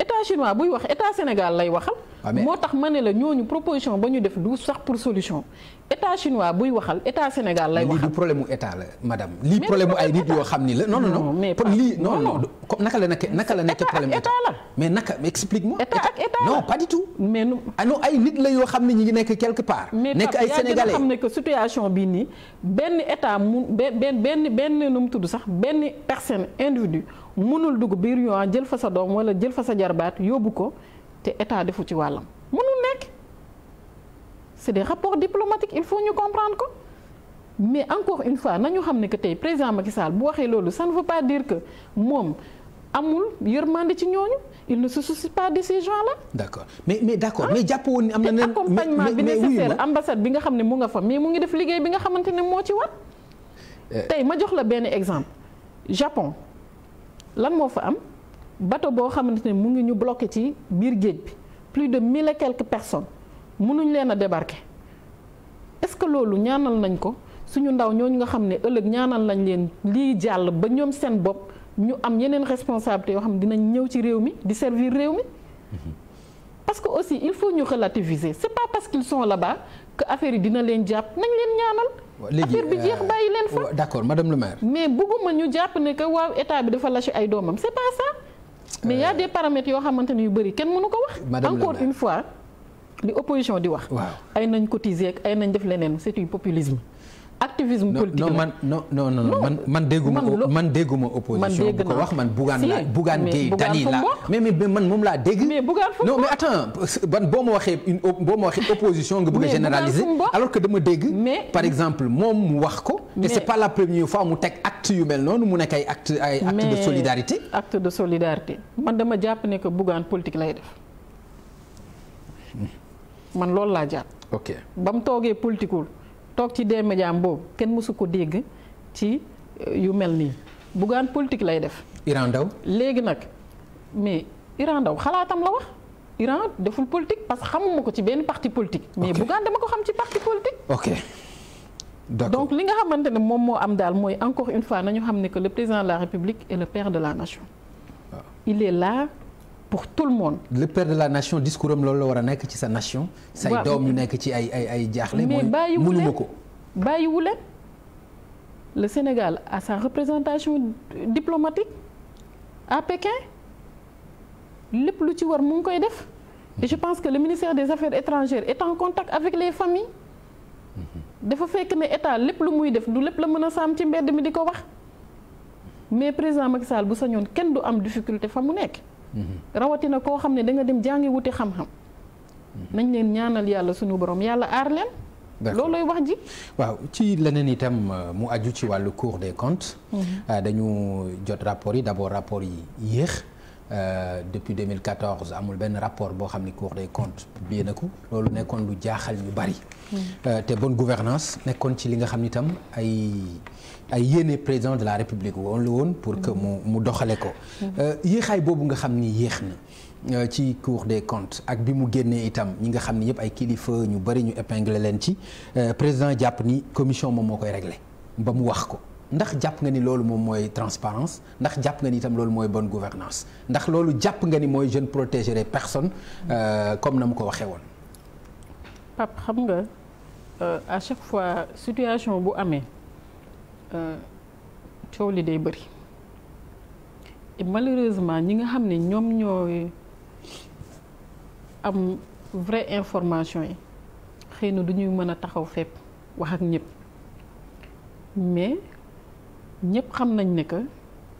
état chinois buy wax état Sénégal lay waxal Ah, moo tax ma ne la ñooñu proposition ba ñu def du sax pour solution état chinois buy waxal état Sénégal lay waxal. lii du problème mu état la madame. lii problème mu ay nit yoo xam ni la non non non. mais pas lii non non naka la nekkee naka la nekkee problème état la mais naka explique moi. état ak état non pas du tout. mais nu ah, ay nit la yoo xam ne ñu ngi nekk quelque part. nekk ay sénégalais mais xam ne que situation bii nii benn état mu benn benn benn nu mu tudd sax benn personne individu mënul dugg biir yoon jël fa sa doom wala jël fa sa jarbaat yóbbu ko. te état defu ci wàllam mënul nekk c'est des rapports diplomatiques il faut ñu comprendre ko mais encore une fois nañu xam ne que tey président Macky Sall bu waxee loolu ça ne veut pas dire que moom amul yërmande ci ñooñu il ne se soucie pas de ces gens là. d' mais mais d' accord ah, mais jàpp woon ni am na. mais accompagnement bi nécessaire ambassade bi nga xam ne mu nga fa mais mu ngi def liggéey bi nga xamante ne moo ci war. Euh. tey ma jox la benn exemple Japon lan moo fa am. bateau boo xamante ne mu ngi ñu bloqué ci biir géej bi plus de mille quelque quelques personnes mënuñ leen a débarqué est-ce que loolu ñaanal nañ ko suñu ndaw ñooñu nga xam ne ëllëg ñaanal nañ leen lii jàll ba ñoom seen bopp ñu am yeneen responsabilité yoo xam ne dinañ ñëw ci réew mi di servir réew mi mhm. parce que aussi il faut ñu relativiser c'est pas parce qu'ils sont là-bas que affaire yi dina leen jàpp nañ leen ñaanal affaire bi euh, jeex bàyyi leen fa ma dem le maire mais bëgguma ñu jàpp ne que waaw état bi dafa lâché ay doomam c'est pas mais y a des paramètres yoo xamante ne yu bëri kenn mënu ko wax. encore une fois li opposition di wax. ay nañ cotiser ak ay nañ def leneen c'est du populisme. activisme politique non man non non non man man dégguma man dégguma opposition bu wax man Bougane la Bougane Gueye Dany la mais mais man moom laa dégg non mais attends ban boo ma waxee une boo ma waxee opposition nga bëgg a généraliser alors que dama dégg par exemple moom mu wax ko te c'est pas la première fois mu teg acte yu mel noonu mu nekk ay acte ay acte de solidarité acte de solidarité man dama jàpp ne que Bougane politique lay def hmm. man loolu laa jàpp ba mu toogee politiqueul toog ci des médias boobu kenn mosu ko dégg ci euh, yu mel nii Bougane politique lay def. Iran Ndaw léegi nag mais Iran Ndaw xalaatam la wax Iran deful politique parce que xamuma ko ci benn parti politique. mais Bougane dama ko xam ci parti politique. ok d'accord donc li nga xamante ne moom moo am daal mooy encore une fois nañu xam ne que le président de la République est le père de la nation. Ah. il est pour tout le monde. le père de la nation discours am loolu la war a nekk ci sa nation. say doom ñu nekk ci ay ay ay jaaxle. mooy mënuma ko mais bàyyiwu leen le Sénégal a sa représentation diplomatique à Pékin lép lu ci war mu ngi koy def. je pense que le ministère des affaires étrangères est en contact avec les familles. dafa fekk ne état lépp lu muy def du lépp la mën a saam ci mbedd mi di ko wax. mais président Macky Sall bu ñoon kenn du am difficulté fa mu nekk. rawatina koo xam ne danga dem jàngi wuti xam-xam. nañ leen ñaanal yàlla suñu borom yàlla aar leen. loolu lay wax ji. waaw ci leneen itam euh, mu aju ci wàllu Cour de comptes. Mhm. Euh, dañu jot rapport yi d'abord rapport yi yéex. Euh, depuis 2014 amul benn rapport boo xam ni Cour des comptes publié na ko loolu nekkoon lu jaaxal ñu bari. Hmm. Euh, te bonne gouvernance nekkoon ci li nga xam ni tam ay ay yéene président de la République woon la woon pour que hmm. mu mu doxale ko. Hmm. Euh, yéexaay boobu nga xam ni yéex na. ci Cour des comptes ak bi mu génnee itam ñi nga xam ne yëpp ay kilifa ñu bari ñu épinglé leen ci président jàpp ni commission moom moo koy réglé ba mu wax ko. ndax jàpp nga ni loolu moom mooy transparence ndax jàpp nga ni itam loolu mooy bonne gouvernance ndax loolu jàpp nga ni mooy jeune ne protégerai personne euh, comme na mu ko waxee woon. Pape xam nga euh, à chaque fois situation bu amee euh, coow li day bëri et malheureusement ñi nga xam ne ñoom ñooy am vrai information yi xëy na du ñuy mën a taxaw fépp wax ak ñëpp mais. ñëpp xam nañ ne que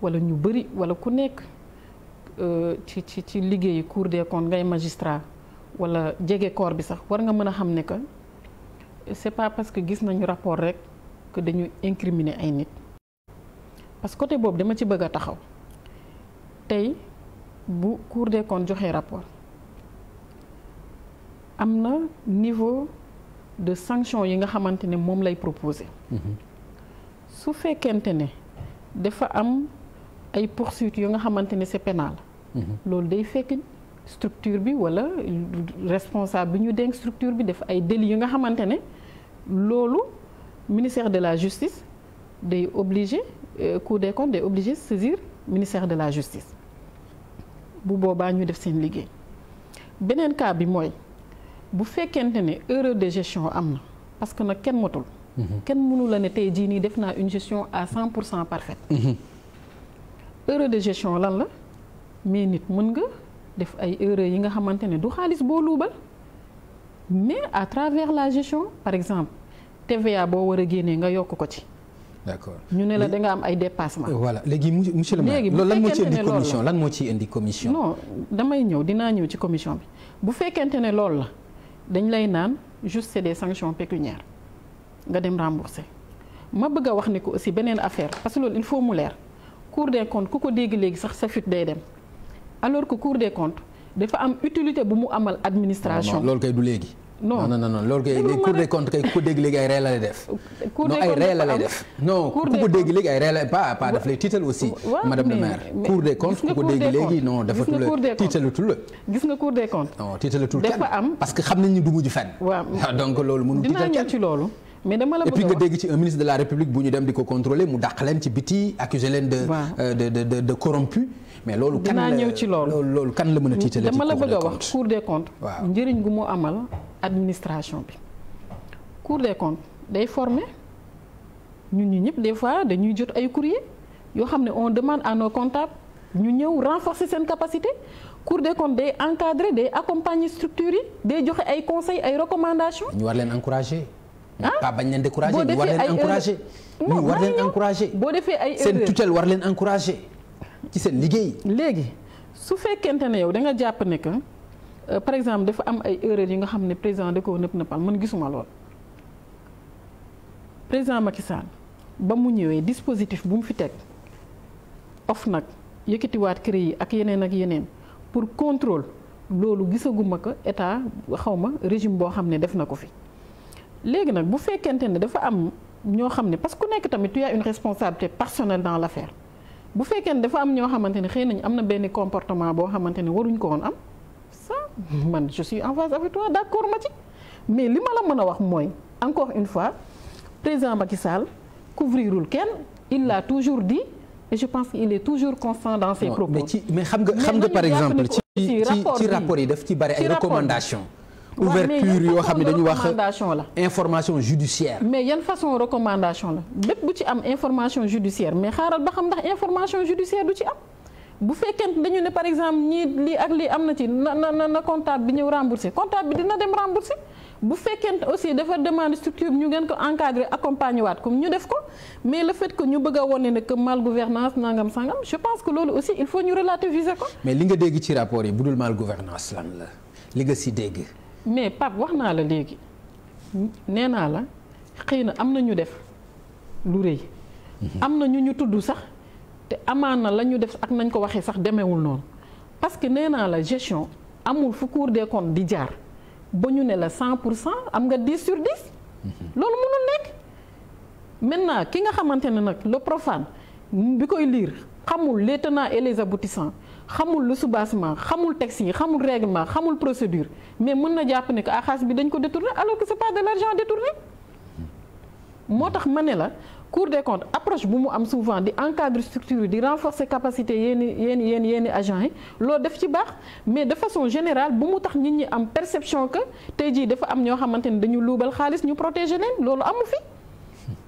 wala ñu bëri wala ku nekk euh, ci ci ci liggéeyu cour des comptes ngay magistrat wala jege corps bi sax war nga mën a xam ne que c'est pas parce que gis nañu rapport rek que dañu incriminer ay nit. parce que côté boobu dama ci bëgg a taxaw tey bu cour des comptes joxee rapport am na niveau de sanction yi nga xamante ne moom lay proposé mm-hmm. su fekkente ne dafa am ay poursuites yu nga xamante ne c'est mhm. loolu day fekk structure bi wala responsable bi ñu dénk structure bi def ay délits yu nga xamante ne loolu ministère de la justice day obligé euh, cour des comptes day obligé saisir ministère de la justice bu boobaa ñu def seen liggéey beneen cas bi mooy bu fekkente ne erreur de gestion am na parce que nag kenn motul Mm-hmm. kenn mënu la ne tey jii nii def naa une gestion à cent pour cent parfaite mm-hmm. erreur de gestion lan la mais nit mën nga def ay erreur yi nga xamante ne du xaalis boo luubal mais à travers la gestion par exemple TVA boo war a génnee nga yokk ko ci d'accord ñu ne la da nga am ay dépassement euh, voilà léegi monsieur le maire loolu lan moo ci indi commission lan moo ci indi commission non damay ñëw dinaa ñëw ci commission bi bu fekkente ne loolu la dañ lay naan juste c'est des sanctions pécuniaires nga dem remboursé ma bëgg a wax ne ko aussi beneen affaire parce que loolu il faut mu leer cour des ku ko dégg léegi sax sa fit day dem alors que cour des comptes dafa am utilité bu mu amal administration. loolu kay du léegi. non non non loolu kay cour des ku ko dégg léegi ay ree la lay def. cour dégg léegi ay ree la pas daf lay tiital aussi. madame le maire cour des comptes ko dégg léegi non dafa tul tiitalatul la. gis nga cour des comptes. non tiitalatul kenn dafa am parce que xam nañ ni du mujj fenn. waaw <laughs> donc loolu mënu tiital kenn dinaa ci loolu. mais dama la bëgg a wax nga dégg ci un ministre de la république bu ñu dem di ko contrôler mu dàq leen ci biti accuser leen de. Euh, de de de de corrompu. mais loolu kan ñëw ci loolu loolu kan la mën a tiitale ci dama la bëgg a wax cour des comptes. waaw njëriñ gu mu amal administration bi. cour des comptes day former ñun ñu ñëpp des fois dañuy jot ay courrier yoo xam ne on demande en nos comptables ñu ñëw renforcer seen capacité. cour de comptes day encadrer day accompagner structures yi day joxe ay conseils ay recommandations. ñu war leen Ah? pas bañ leen découragé ñu war leen encouragé war leen encouragé boo defee ay erreur seen tutelle war leen encouragé ci seen liggéey léegi su fekkente ne yow da nga jàpp ne que euh, par exemple dafa am ay erreur yi nga xam ne président da koo nëpp nëppal man gisuma lool président Macky ba mu ñëwee dispositif bu mu fi teg of nag yëkkatiwaat crédit yi ak yeneen ak yeneen pour contrôle loolu gisaguma ko état xaw ma régime boo xam ne def na ko fi léegi nag bu fekkente ne dafa am ñoo xam ne parce que ku nekk tamit tu as une responsabilité personnelle dans l'affaire bu fekkee ne dafa am ñoo xamante ne xëy nañ am na benn comportement boo xamante ne waruñ ko woon am ça mhm. man je suis en phase avec toi d'accord ma ci mais li ma la mën a wax mooy encore une fois président Macky Sall couvrirul kenn il l'a toujours di et je pense qu'il est toujours constant dans ses propos. mais ci mais xam nga xam nga par exemple ci ci rapport yi ci bari ay recommandations. ouverture yoo xam ne dañu wax information judiciaire mais yan façon recommandation la bépp bu ci am information judiciaire mais xaaral ba xam ndax information judiciaire du ci am bu fekkente dañu ne par exemple ñii lii ak lii am na ci na na na comptable bi ñëw remboursé comptable bi dina dem remboursé bu fekkente aussi dafa demande structure ñu ngeen ko encadrer accompagner waat comme ñu def ko mais le fait que ñu bëgg a ne que mal gouvernance nangam sangam je pense que loolu aussi il faut ñu relativiser ko. mais li nga dégg ci rapport yi bu dul mal gouvernance li nga si dégg. mais Pape wax naa la léegi nee naa la xëy na am na ñu def lu rëy. Mhm. am na ñu ñu tudd sax te amaana la ñu def ak nañ ko waxee sax demeewul noonu parce que nee naa la gestion amul fu Cour des comptes di jaar ba ñu ne la cent pour cent am nga 10 sur 10. Mhm. loolu mënul nekk maintenant ki nga xamante ne nag le profane bi koy liir xamul les tenants et les aboutissants. xamul le soubassement xamul texte yi xamul règlement xamul procédure mais mën na jàpp ne que ah xaalis bi dañ ko détourné alors que c'est pas de l'argent détourné moo tax ma ne la Cour des comptes approche bu mu am souvent di encadre structure di renforcer capacité yenn yenn yenn yenn agents yi loolu def ci baax mais de façon générale bu mu tax nit ñi am perception que tey jii dafa am ñoo xamante ne dañu luubal xaalis ñu protéger leen loolu amu fi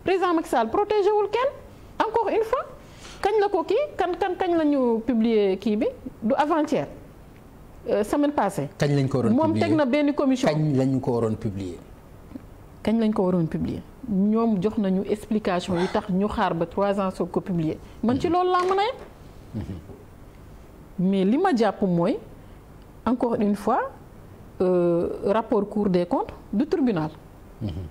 président Macky Sall protégé wul kenn kañ la ko kii kan kan kañ la ñu publier kii bi du avant-hier euh, semaine passée. kañ lañ ko waroon publier moom teg na benn commission. kañ lañu ko waroon publier. kañ lañ ko waroon publier ñoom jox nañu explication yi tax ñu xaar ba trois ans soog ko publier man ci mhm. loolu laa mën a yem mhm. mais li ma jàpp mooy encore une fois euh, rapport Cour des comptes du tribunal. Mhm.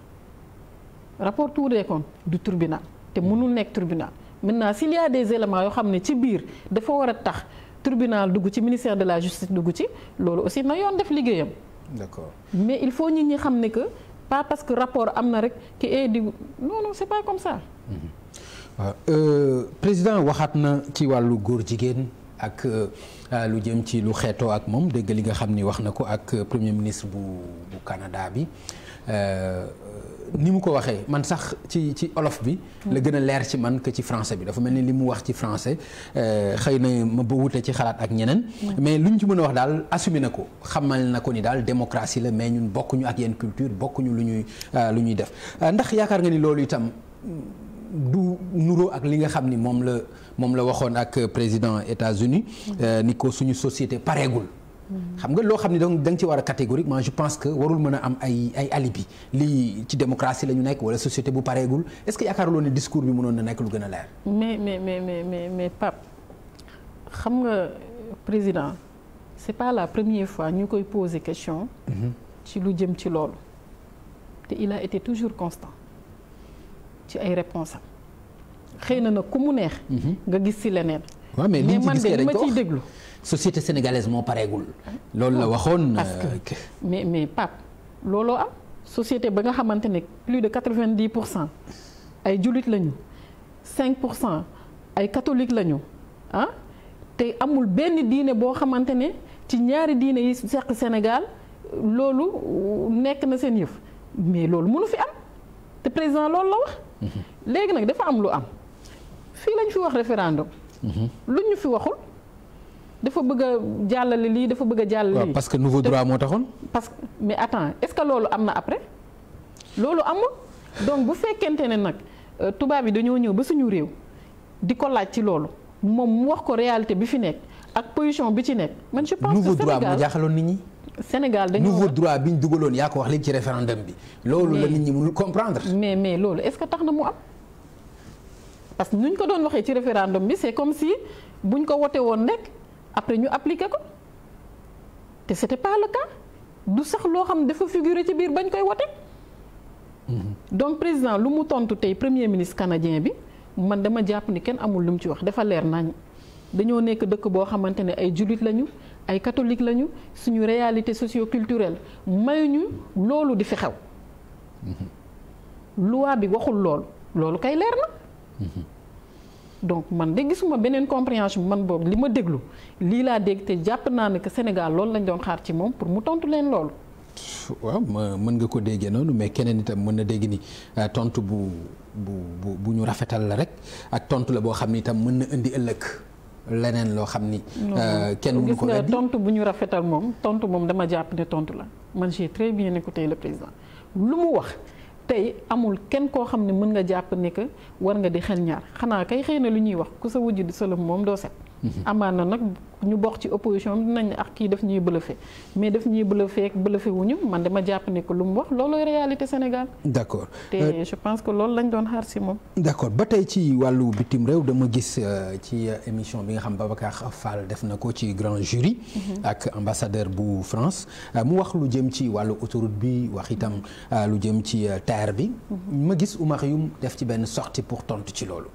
rapport Cour des comptes du tribunal te mënul nekk tribunal. maintenant s'il y a des éléments yoo xam ne ci biir dafa war a tax tribunal dugg ci ministère de la justice dugg ci loolu aussi na yoon def liggéeyam. d'accord mais il faut ñi ñi xam ne que pas parce que rapport am na rek ki est di non c'est pas comme ça. Mm-hmm. Ah, euh, président waxaat na ci wàllu góor jigéen ak euh, lu jëm ci lu xeetoo ak moom dégg li nga xam ni wax na ko ak premier ministre bu bu Canada bi. Euh, ni mu ko waxee man sax ci ci olof bi. la gën a leer ci man que ci français bi dafa mel ni li mu wax ci français euh, xëy na ma ba wute ci xalaat ak ñeneen. mais ñu ci mën a wax daal assumé na ko xamal na ko ni daal démocratie la mais ñun bokkuñu ak yenn culture bokkuñu lu ñuy euh, lu ñuy def euh, ndax yaakaar nga ni loolu itam. du nuroo ak li nga xam ni moom la moom la waxoon ak président États-Unis ni ko suñu société pareegul xam nga loo xam ne donc da ci war a catégoriquement je pense que warul mën a am ay ay alibi lii ci démocratie la ñu nekk wala société bu pareegul est-ce que yaakaaruloo ne discours bi mënoon na nekk lu gën a leer. mais mais mais mais mais mais Pape xam nga président c'est pas la première fois ñu koy poser question. Mhm. ci lu jëm ci loolu. te il a toujours constant ci ay réponses xëy na nag ku mu neex. Mhm. nga gis ci leneen. waaw mais li ñu dañ ko mais man de li ma ciy déglu. société sénégalaise moo pareegul. loolu la ah, waxoon. parce euh, mais mais Pape looloo am société ba nga xamante ne plus de quatre-vingt-dix pour cent ay jullit lañu cinq pour cent ay catholique lañu ah te amul benn diine boo xamante ne ci ñaari diine yi seq Sénégal loolu nekk na seen yëf mais loolu mënu fi am te président loolu la wax. Mhm. léegi nag dafa am lu am fii lañ fi wax référendum. Mhm. luñ ñu fi waxul. dafa bëgg a jàllale lii dafa bëgg a jàllale lii. parce que nouveau droit moo taxoon. parce que mais attends est-ce que loolu am na après loolu amul donc bu fekkente ne nag euh, tubaab yi dañoo ñëw ba suñu réew di ko laaj ci loolu moom mu wax ko réyalité bi fi nekk ak position bi ci nekk. man je pense nouveau que droit moo jaaxaloon nit ñi. Sénégal dañoo nouveau droit bi ñu dugaloon yaa ko wax léegi ci référendum bi. loolu la nit ñi mënul comprendre. mais mais loolu est-ce que tax na mu am. parce que nuñ ko doon waxee ci référendum bi c'est comme si buñ ko wote woon rek. après ñu appliqué ko te c'était pas le cas du sax loo xam dafa figurer ci biir bañ koy wote mhm. donc président lu mu tontu tey premier ministre canadien bi man dama jàpp ni kenn amul lu mu ci wax dafa leer nañ dañoo nekk dëkk boo xamante ne ay jullit lañu ay catholique lañu suñu réalité socio-culturelle mayuñu loolu di fi xew mhm. loi bi waxul loolu loolu kay leer na mhm. donc man de gisuma beneen compréhension man boobu li ma déglu lii laa dégg te jàpp naa ne que Sénégal loolu lañ doon xaar ci moom pour mu tontu leen loolu. waaw mën nga ko déggee noonu mais keneen itam mën na dégg ni euh, tontu bu bu bu bu ñu rafetal la rek ak tontu la boo xam ni itam mën na indi ëllëg. leneen loo xam ni. Euh, kenn mënu ko weddi gis nga tontu bu ñu rafetal moom tontu moom dama jàpp ne tontu la man j'ai très bien écouté le président lu mu wax. tey amul kenn koo xam ne mën nga jàpp ni que war nga di xel ñaar xanaa kay xëy na lu ñuy wax ku sa wujj sa sëlëm moom doo set amaan na nag ñu bokk ci opposition bi dinañ ak ah, kii def ñuy bëlëfe mais daf ñuy bëlëfee ak bëlëfe wuñu man dama jàpp ne que lu mu wax loolooy réalité Sénégal. d' accord te euh, je pense que loolu lañ doon xaar si moom. d' accord ba tey ci wàllu bitim réew dama gis euh, ci émission bi nga xam Babacar Fall def na ko ci grand jury. Mhm. ak ambassadeur bu France euh, mu wax lu jëm ci wàllu autoroute bi wax itam lu jëm ci terre bi. Mhm. ma gis Oumar Youm def ci benn sortie pour tontu ci loolu.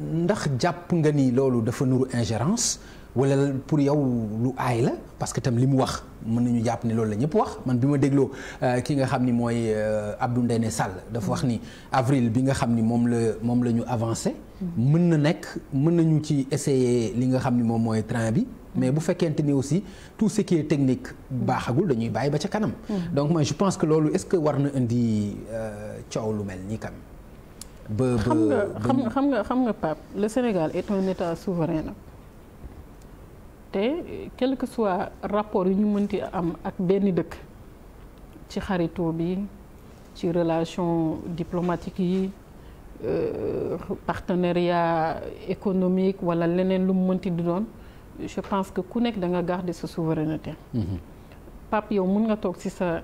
ndax jàpp nga ni loolu dafa nuru ingérence wala pour yow lu aay la parce que tam li mu wax mën nañu jàpp ne loolu la ñëpp wax man bi ma dégloo euh, ki nga xam ni mooy euh, Abdou Ndéné Sall dafa wax ni avril bi nga xam ni moom la moom la ñu avancé mën na nekk mën nañu ci essayer li nga xam ni moom mooy train bi mais bu fekkent ni aussi tout si qui est technique baaxagul dañuy bàyyi ba ca kanam mm. donc moi pense que loolu est-ce que war na indi euh, coow lu mel nii quand xam ba xam nga xam nga xam nga Pape le Sénégal est un état nag te quel que soit rapport yu ñu mënti am ak benn dëkk ci xarito bi ci relation diplomatique yi euh, partenariat économique wala leneen lu mu mënti di doon je pense que ku nekk da nga garder sa souveraineté. Mm-hmm. Pape yow mun nga toog ci sa.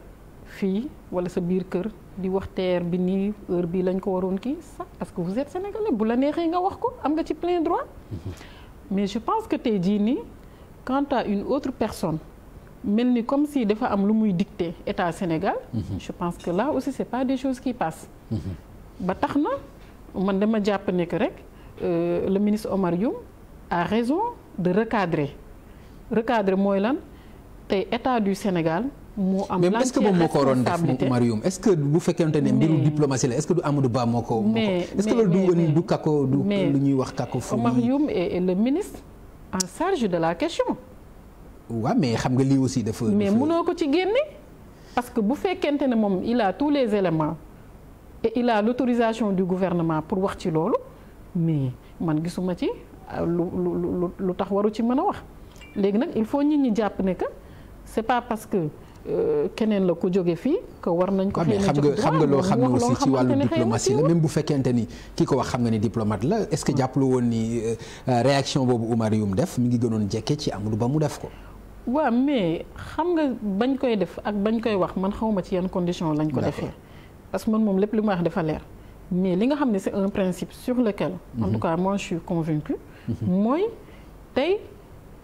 fii wala sa biir kër di wax teer bi nii heure bi lañ ko waroon kii sax parce que vous êtes sénégalais bu la neexee nga wax ko am nga ci plein droit <laughs> mais je pense que tey jii nii quant une autre personne mel ni comme si dafa am lu muy dicter état Sénégal mhm. je pense que là aussi c'est pas des choses qui passent mhm. ba tax na man dama jàpp ne que rek euh, le ministre Omar Youm a raison de recadrer recadrer mooy lan tey état du Sénégal moo am mais est-ce que moom moo ko waroon def Mariam est-ce que bu fekkente ne mbiru diplomatie la est-ce que du Amadou Ba moo ko. mais est-ce que loolu du du du lu ñuy wax kako fu Mariam est le ministre en charge de la question. waaw mais xam nga lii aussi dafa. mais mënoo ko ci génne. parce que bu fekkente ne moom il a tous les éléments et il a l'autorisation du gouvernement pour wax ci loolu mais man gisuma ci euh, lu lu lu tax waru ci mën a wax léegi nag il faut nit ñi jàpp ne que c'est pas parce que. Euh, keneen la ko jóge fii que war nañ ko ah, xëy na jox xam nga loo xam ne aussi ci wàllu ne la même bu fekkente ni ki ko wax xam nga ni diplomate la est-ce que hmm. jàppalu woon ni euh, euh, réaction boobu Oumar Youm def mi ngi gënoon jekke ci Amadou Ba mu def ko waaw mais xam nga bañ koy def ak bañ koy wax man xawma ci yan condition lañ ko defee parce que man moom lépp li ma wax dafa leer mais li nga xam ne c'est un principe sur lequel en mhm. tout cas moi je mhm. mooy tey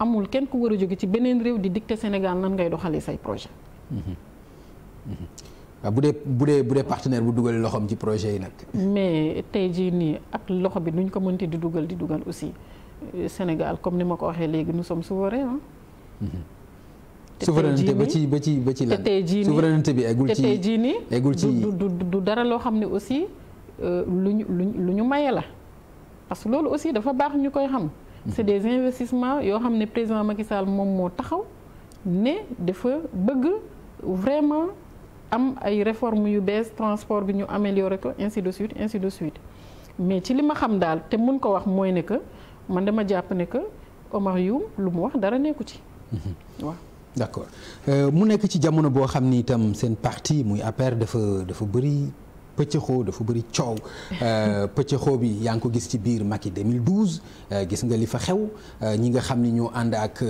amul kenn ku war a jóge ci beneen réew di te Sénégal nan ngay doxalee say projet waaw bu dee bu dee bu dee partenaire bu dugalee loxoom ci projet yi nag. mais tey jii nii ak loxo bi nuñ ko mënti di dugal di dugal aussi euh, Sénégal comme ni ma ko waxee léegi nous sommes souverains hmm. souveraineté ba ci ba ci ba ci lan souveraineté bi eggul ci te tey jii nii eggul ci du du dara loo xam ne aussi euh, lu ñu lu ñu mayee la parce que loolu aussi dafa baax ñu koy xam. Hmm. c'est des investissements yoo xam ne président Macky Sall moom moo taxaw ne dafa bëgg. vraiment am ay réformes yu bees transport bi ñu améliorer ko ainsi de suite ainsi de suite mais ci li ma xam daal te mën ko wax mooy ne que man dama jàpp ne que Omar Youm lu mu wax dara nekku ci. Mhm. waa d' accord euh, mu nekk ci jamono boo xam ni itam seen parti muy APR dafa dafa bëri. pëccëxoo dafa bëri coow euh, pëccëxoo bi yaa ngi ko gis ci biir Macky 2012 euh, gis nga li fa xew euh, ñi nga xam ni ñoo ànd ak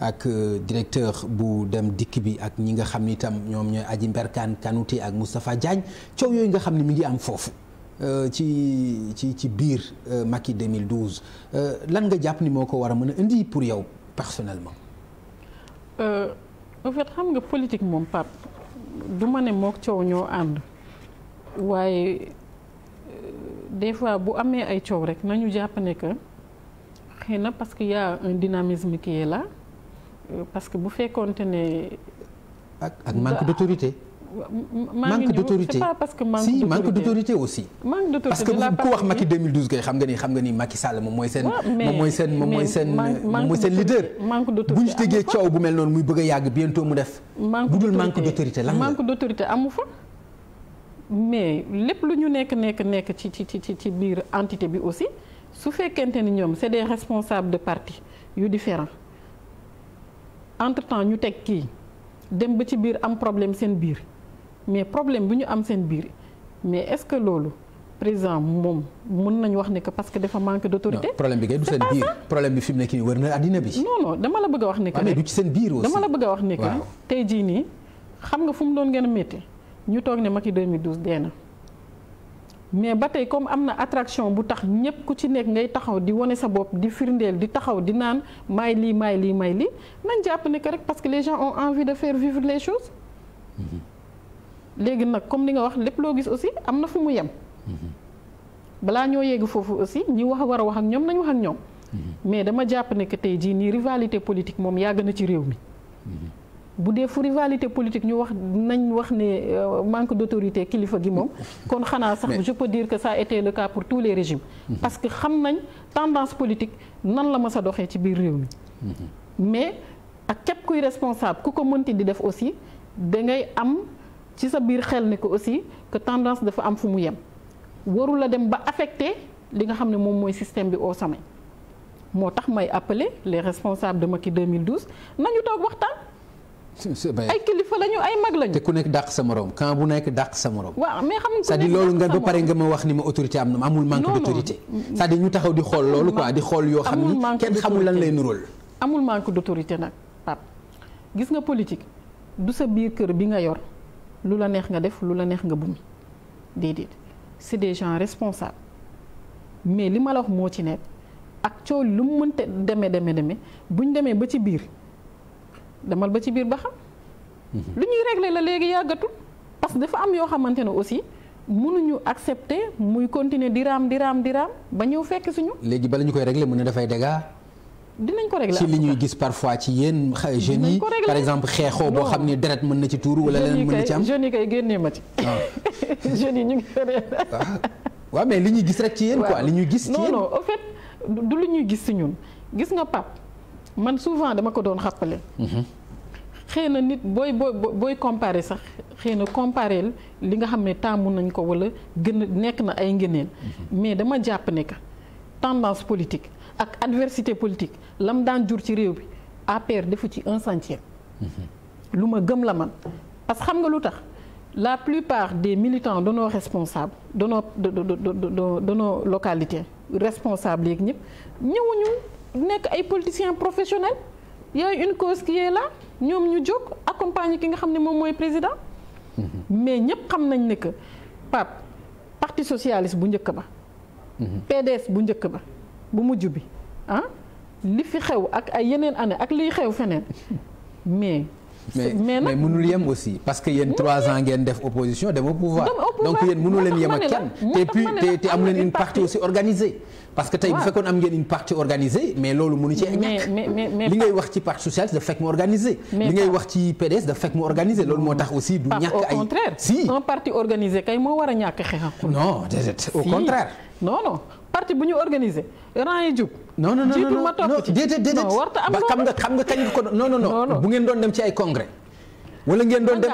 ak directeur bu dem dikk bi ak ñi nga xam ni itam ñoom ñooy aji Mbergane Kanouté ak mustafa Diagne coow yooyu nga xam ni mu ngi am foofu ci ci ci biir Macky 2012 lan nga jàpp ni moo ko war a mën a indi pour yow personnellement. en fait xam nga politique moom Pape du ma ne moog coow ñoo ànd. waaye euh, des fois bu amee ay coow rek nañu jàpp ne que xëy na parce que y a un dynamisme qui est là euh, parce que bu fekkoonte ne. ak ak manque d'autorité. manque d'autorité c'est pas parce que manque ku wax Macky 2012 xam nga ni xam nga ni Macky Sall moom mooy seen. moom mooy seen moom mooy seen moom mooy seen leader. manque d'autorité bu ñu tegee coow bu mel noonu muy bëgg a yàgg bientôt mu def. manque d'autorité budul manque d'autorité lan la manque amu fa. mais lépp lu ñu nekk nekk nekk ci ci ci ci biir entité bi aussi su fekkente ni ñoom c'est des responsables de parti yu différent entre temps ñu teg kii dem ba ci biir am problème seen biir mais problème bi ñu am seen biir mais est-ce que loolu président moom mën nañu wax ne que parce que dafa manque d'autorité. Non, problème bi kay du seen biir problème bi fi mu nekk nii wër na àddina bi. non dama la bëgg a wax ne que. Ah, mais du ci seen biir aussi dama la bëgg a wax ne que. tey jii nii xam nga fu mu doon a métti. ñu toog ne Macky 2012 dee na mais ba tey comme am na attraction bu tax ñëpp ku ci nekk ngay taxaw di wane sa bopp di firndeel di taxaw di naan may lii may lii may lii nañ jàpp ne que rek parce que les gens ont envie de faire vivre les choses mm-hmm. léegi nag comme li nga wax lépp loo gis aussi am na fu mu yem mm-hmm. balaa ñoo yegg foofu aussi ñi wax war a wax ak ñoom nañ wax ak ñoom mm-hmm. mais dama jàpp ne que tey jii nii rivalité politique moom yàgg na ci réew mi bu dee fu rivalité politique ñu wax nañ wax ne euh, manque d'autorité kilifa gi moom kon xanaa sax je peux dire que ça a été le cas pour tous les régimes mm-hmm. parce que xam nañ tendance politique nan la mës a doxee ci biir réew mi mm-hmm. mais ak képp kuy responsable ku ko mënti di def aussi da ngay am ci sa biir xel ne ko aussi que tendance dafa am fu mu yem warul la dem ba affecté li nga xam ne moom mooy système bi au sommet moo tax may appeler les responsables de Macky 2012 nañu toog waxtaan ay kilifa lañu ay mag lañu. te ku nekk dàq sa morom camp bu nekk dàq sa morom. waaw mais xam nga c'est-à-dire loolu nga ba pare nga ma wax ni ma autorité am na amul manque d'autorité. cest à taxaw di xool loolu quoi di xool yoo xam ni kenn xamul lan lay nuróol. amul manque d'autorité nag Pape gis nga politique du sa biir kër bi nga yor lu la neex nga def lu la neex nga bumi déedéet c'est des gens responsables mais li ma la wax moo ci nekk ak coow lu mu mënte demee demee demee buñ demee ba ci biir. demal ba ci biir ba xam. Mhm. lu ñuy régler la léegi yàggatu parce que dafa am yoo xamante ne aussi mënuñu accepter muy continuer di raam di raam di raam ba ñëw fekk suñu. léegi bala ñu koy regle mën na dafay dégâts. dinañ ko régler ci li ñuy gis parfois ci yéen jeunes yi par exemple xeexoo boo xam ne deret mën na ci tuuru wala leneen mën na ci am jeunes yi kay génnee ma ci ah. <laughs> jeunes yi ñu ngi feree waaw mais li ñuy gis rek ci yéen quoi li ñuy gis non non au fait du lu ñuy gis si ñun gis nga pap man souvent dama ko doon xappale mhm. xëy na nit booy booy booy comparer sax xëy na comparer li nga xam ne tàmm nañ ko wala gën nekk na ay ngëneel mhm. mais dama jàpp ne que tendance politique ak adversité politique lam daan jur ci réew bi APR defu ci un centième. Mhm. lu ma gëm la man parce que xam nga lu tax la plupart des militants de nos responsables de nos de de de de nos localités yeeg ñëpp ñëwuñu. nekk ay politiciens professionnels y une cause qui est là ñoom ñu jóg accompagner ki nga xam ne moom mooy président. mais ñëpp xam nañ ne que Pape parti socialiste bu njëkk ba. PDS bu njëkk ba bu mujj bi ah li fi xew ak ay yeneen année ak liy xew feneen mais. mais mais mënul yem aussi parce que yéen trois ans ngeen def opposition dem au pouvoir donc yéen mënu leen yem ak kenn te puis te te am leen une partie aussi organisée parce que tey bu fekkoon am ngeen une partie organisée mais loolu mënu ci ñàkk li ngay wax ci parti socialiste daf fekk mu organisé li ngay wax ci PDS daf fekk mu organisé loolu moo tax aussi du ñàkk ay si un parti organisé kay moo war a ñàkk xeexam non déedéet au contraire non non parti bu ñu organisé rang yi jub. non non non jiitu ma topp ci déedéet déedéet warta am xam nga xam nga kañ ko non non non bu ngeen doon dem ci ay congrès. wala ngeen doon dem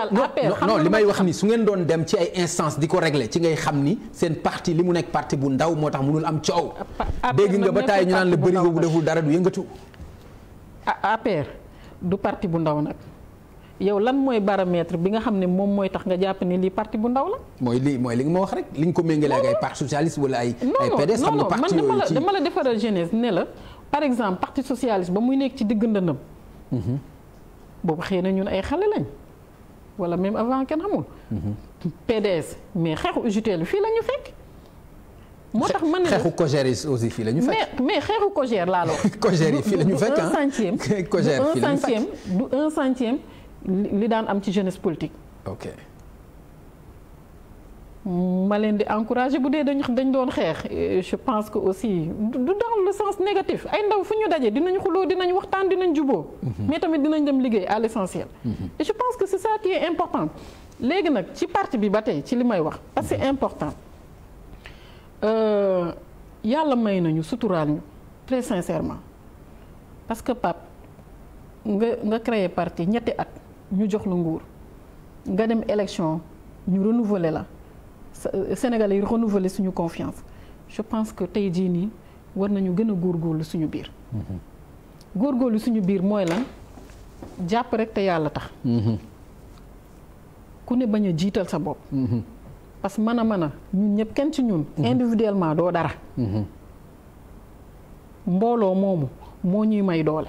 non li may wax ni su ngeen doon dem ci ay instance di ko régler ci ngay xam ni seen parti li mu nekk parti bu ndaw moo tax mu mënul am coow. dégg nga ba tàyyi ñu naan la bëri bu deful dara du yëngatu. APR du parti bu ndaw nag. yow lan mooy baromètre bi nga xam ne moom mooy tax nga jàpp ne lii parti bu ndaw la. mooy li mooy li nga ma wax rek li nga ko méngalee ak ay parti socialiste wala ay. ay PDS xam nga parti yooyu man dama defaral jeunesse ne la par exemple parti socialiste ba mu nekk ci digg ndëndam. Mhm. boobu xëy na ñun ay xale lañ. wala même avant kenn xamul. Mhm. PDS mais xeexu UJTL fii la ñu fekk. moo tax man ne xeexu Cogéris aussi fii la ñu fekk. mais mais xeexu Cogér laa la wax. <laughs> Cogér yi fii ñu fekk ah <laughs> du un centième. Cogér fii la ñu li daan am ci jeunesse politique. ok. ma leen di encourager bu dee dañ dañ doon xeex je pense que aussi du dans le sens négatif ay ndaw fu ñu dajee dinañ xuloo dinañu waxtaan dinañ juboo mhm. mais tamit dinañ dem liggéey à l'essentiel mhm. je pense que c'est ça qui est important léegi nag ci parti bi ba tey ci li may wax parce que c'est mhm. important euh, yàlla may nañu suturaal ñu très sincèrement parce que Pape nga nga créer parti ñetti at ñu jox la nguur nga dem élection ñu renouveler la euh, Sénégalais yi renouveler suñu confiance je pense que tey jii nii war nañu gën a góorlu suñu biir. Mhm. góorgóorlu suñu biir mooy lan jàpp rek te yàlla tax. Mhm. ku ne bañ a jiital sa bopp. Mhm. parce que mën a mën a ñun ñëpp kenn ci ñun. individuellement doo dara. mbooloo moomu moo ñuy may doole.